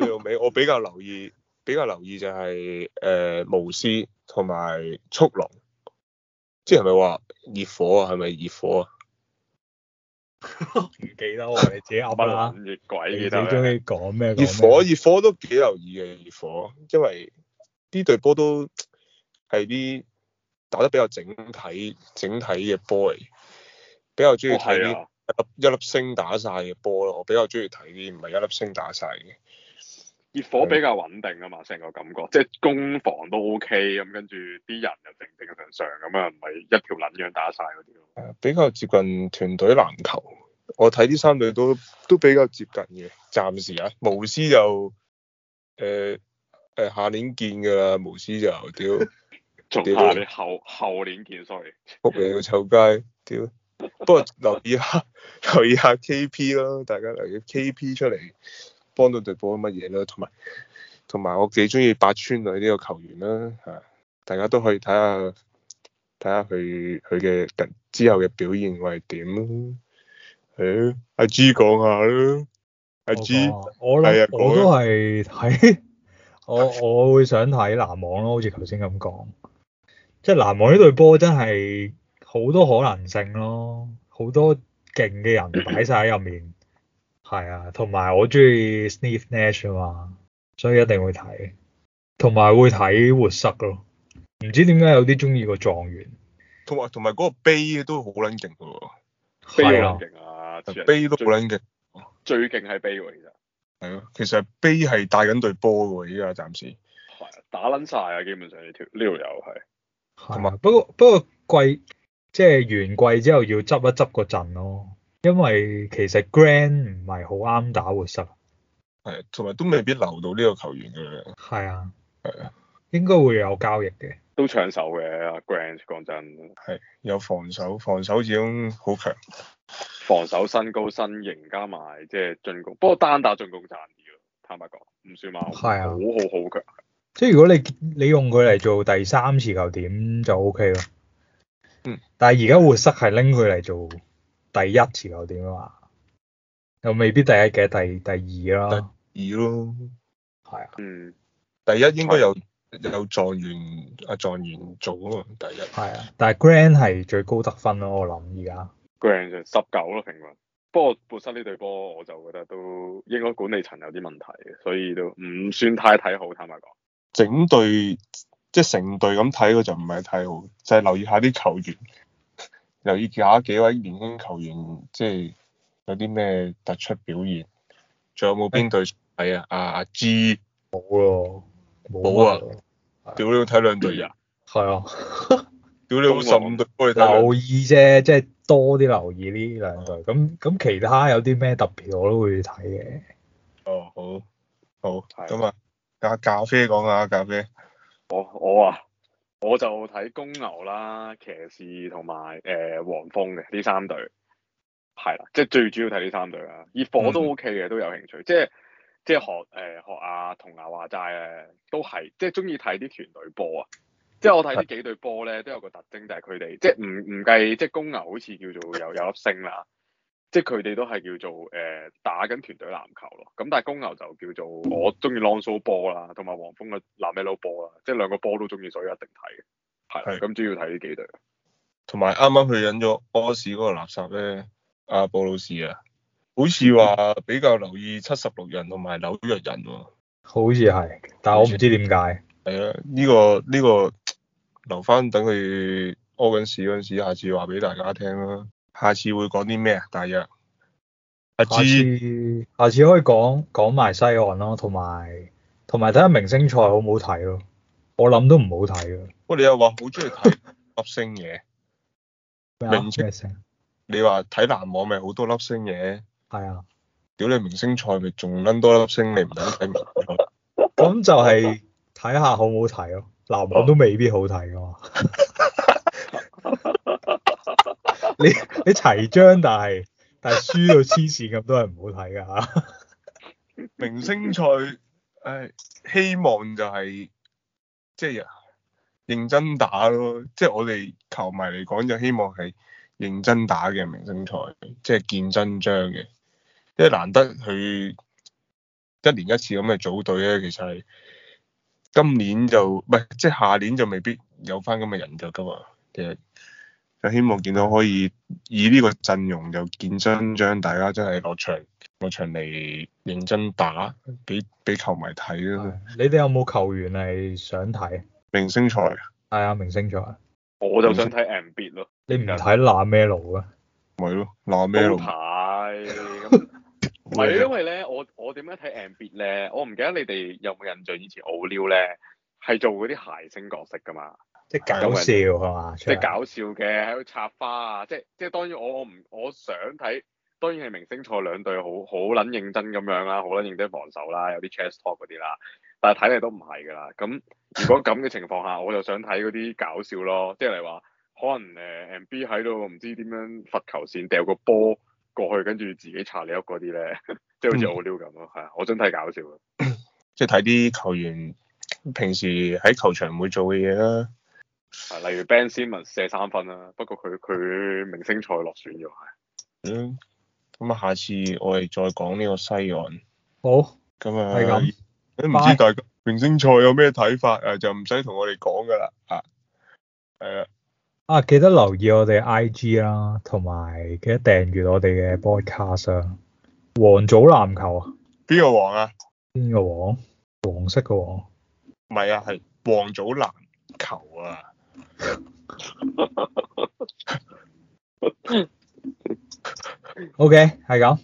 你老味， (laughs) 我比較留意，比較留意就係誒巫師同埋速龍。即係咪話熱火啊？係咪熱火啊？是唔 (laughs) 記得喎，你自己阿伯亂熱鬼，你中意講咩？熱火，熱火都幾留意嘅熱火，因為呢隊波都係啲打得比較整體、整體嘅波嚟，比較中意睇啲一粒星打晒嘅波咯。我比較中意睇啲唔係一粒星打晒嘅。熱火比較穩定啊嘛，成個感覺，即係攻防都 OK 咁，跟住啲人又正正常常咁啊，唔係一條捻樣打晒嗰啲咯。比較接近團隊籃球，我睇呢三隊都都比較接近嘅，暫時啊，巫師就誒誒、欸、下年見噶啦，巫師就屌，仲 (laughs) 下你後 (laughs) 後,後年見，sorry，仆人個臭街，屌， (laughs) 不過留意下留意下 KP 咯，大家留意 KP 出嚟。幫到隊波乜嘢咯，同埋同埋我幾中意八村塔呢個球員啦、啊，吓大家都可以睇下睇下佢佢嘅之後嘅表現會係點咯，係阿 G 講下咯，阿 G 下我啦，我都係睇 (laughs) 我我會想睇籃網咯，好似頭先咁講，即係籃網呢隊波真係好多可能性咯，好多勁嘅人擺晒喺入面。 (laughs) 係啊，同埋我中意 Steve Nash 啊嘛，所以一定會睇，同埋會睇活塞咯。唔知點解有啲中意個狀元，同埋同埋嗰個碑都好卵勁噶喎。係啊，碑都好卵勁，最勁係碑喎，其實係咯，其實碑係帶緊隊波噶喎，依家暫時係打卵晒啊，基本上呢條呢條友係。同埋不過不過季即係完季之後要執一執個陣咯。因為其實 Grant 唔係好啱打活塞，係，同埋都未必留到呢個球員嘅，係啊的，係啊的，應該會有交易嘅，都搶手嘅。Grant 講真，係有防守，防守始終好強，防守身高身形加埋即係進攻，哦、不過單打進攻賺啲咯。坦白講，唔算慢，係啊的，好好好強。即係如果你你用佢嚟做第三次球點就 OK 咯，嗯，但係而家活塞係拎佢嚟做。第一，又點啊？又未必第一嘅，第二第二咯。二咯，係啊。嗯，第一應該有是有狀元啊，狀元做啊，第一。係啊，但係 Grant 係最高得分咯，我諗而家。Grant 就十九咯，平均。不過本身呢隊波，我就覺得都應該管理層有啲問題嘅，所以都唔算太睇好，坦白講。整隊即係成隊咁睇，佢就唔係太好，就係、是、留意下啲球員。留意下幾位年輕球員，即係有啲咩突出表現，仲有冇邊隊？係啊，阿阿 G 冇咯，冇啊！屌你，睇兩隊啊！係啊！屌你，好十五隊幫你睇。留意啫，即係多啲留意呢兩隊。咁咁，其他有啲咩特別，我都會睇嘅。哦，好，好，咁啊，阿咖咖啡講下，咖啡，我我啊。我就睇公牛啦、騎士同埋誒黃蜂嘅呢三隊，係啦，即係最主要睇呢三隊啦、啊。熱火都 OK 嘅，都有興趣，即係即係學誒、呃、學阿童牙話齋啊，都係即係中意睇啲團隊波啊。即係我睇呢幾隊波咧，都有個特徵，就係佢哋即係唔唔計，即係公牛好似叫做有有粒星啦。即係佢哋都係叫做誒、呃、打緊團隊籃球咯，咁但係公牛就叫做我中意 Lonzo 波啦，同埋黃蜂嘅拉梅洛波啦，即係兩個波都中意，所以一定睇嘅。係，咁的主要睇呢幾隊。同埋啱啱去引咗屙屎嗰個垃圾咧，阿布魯士啊，好似話比較留意七十六人同埋紐約人喎、啊。好似係，但係我唔知點解。係啊，呢、呢個呢、呢個留翻等佢屙緊屎嗰陣時，下次話俾大家聽啦。下次會講啲咩啊？大約阿志，下次可以講講埋西岸咯，同埋同埋睇下明星賽好唔好睇咯，哦？我諗都唔好睇噶。喂，哦，你又話好中意睇粒星嘢， (laughs) 明星你話睇籃網咪好多粒星嘢？係啊，屌你明星賽咪仲撚多粒星？你唔想睇明星咁 (laughs) 就係睇下好唔好睇咯，哦，籃網都未必好睇噶 (laughs) 你你齊章，但係但係輸到黐線咁，都係唔好睇噶吓。明星賽誒，希望就係即係認真打咯。即係我哋球迷嚟講，就希望係認真打嘅明星賽，即係見真章嘅。因為難得佢一年一次咁嘅組隊咧，其實係今年就唔係，即係下年就未必有翻咁嘅人就得啊。其實。就希望見到可以以呢個陣容就見真章，大家真係落場落場嚟認真打，俾俾球迷睇咯。你哋有冇球員係想睇明星賽？係啊，明星賽。我就想睇 Embiid 咯。你唔睇 m 拉咩盧啊？咪咯，拉咩盧唔牌。唔係因為咧，我我點樣睇 Embiid 咧？我唔記得你哋有冇印象，以前 Ollie 咧係做嗰啲諧星角色㗎嘛？即係搞笑係嘛？即係搞笑嘅喺度插花啊！即係即係當然我，我我唔我想睇，當然係明星賽兩隊好好撚認真咁樣啦，好撚認真防守啦，有啲 chess talk 嗰啲啦。但係睇嚟都唔係㗎啦。咁如果咁嘅情況下，我就想睇嗰啲搞笑咯。即係話可能誒、呃、M B 喺度唔知點樣罰球線掉個波過去，跟住自己插你屋嗰啲咧，即係好似好溜 e w 咁咯。係啊，嗯、我真睇搞笑啊！即係睇啲球員平時喺球場唔會做嘅嘢啦。係例如 Ben Simmons 射三分啦，不過佢佢明星賽落選咗係。嗯，咁啊，下次我哋再講呢個西岸。好。咁啊、嗯，係咁。都唔知大家明星賽有咩睇法啊？Bye 就唔使同我哋講噶啦，啊，係啊，啊。記得留意我哋 I G 啦、啊，同埋記得訂閱我哋嘅 b o y c a s t 啊。王祖籃球啊？邊個王啊？邊個王？黃色嘅王。唔係啊，係王祖籃球啊。OK，係咁。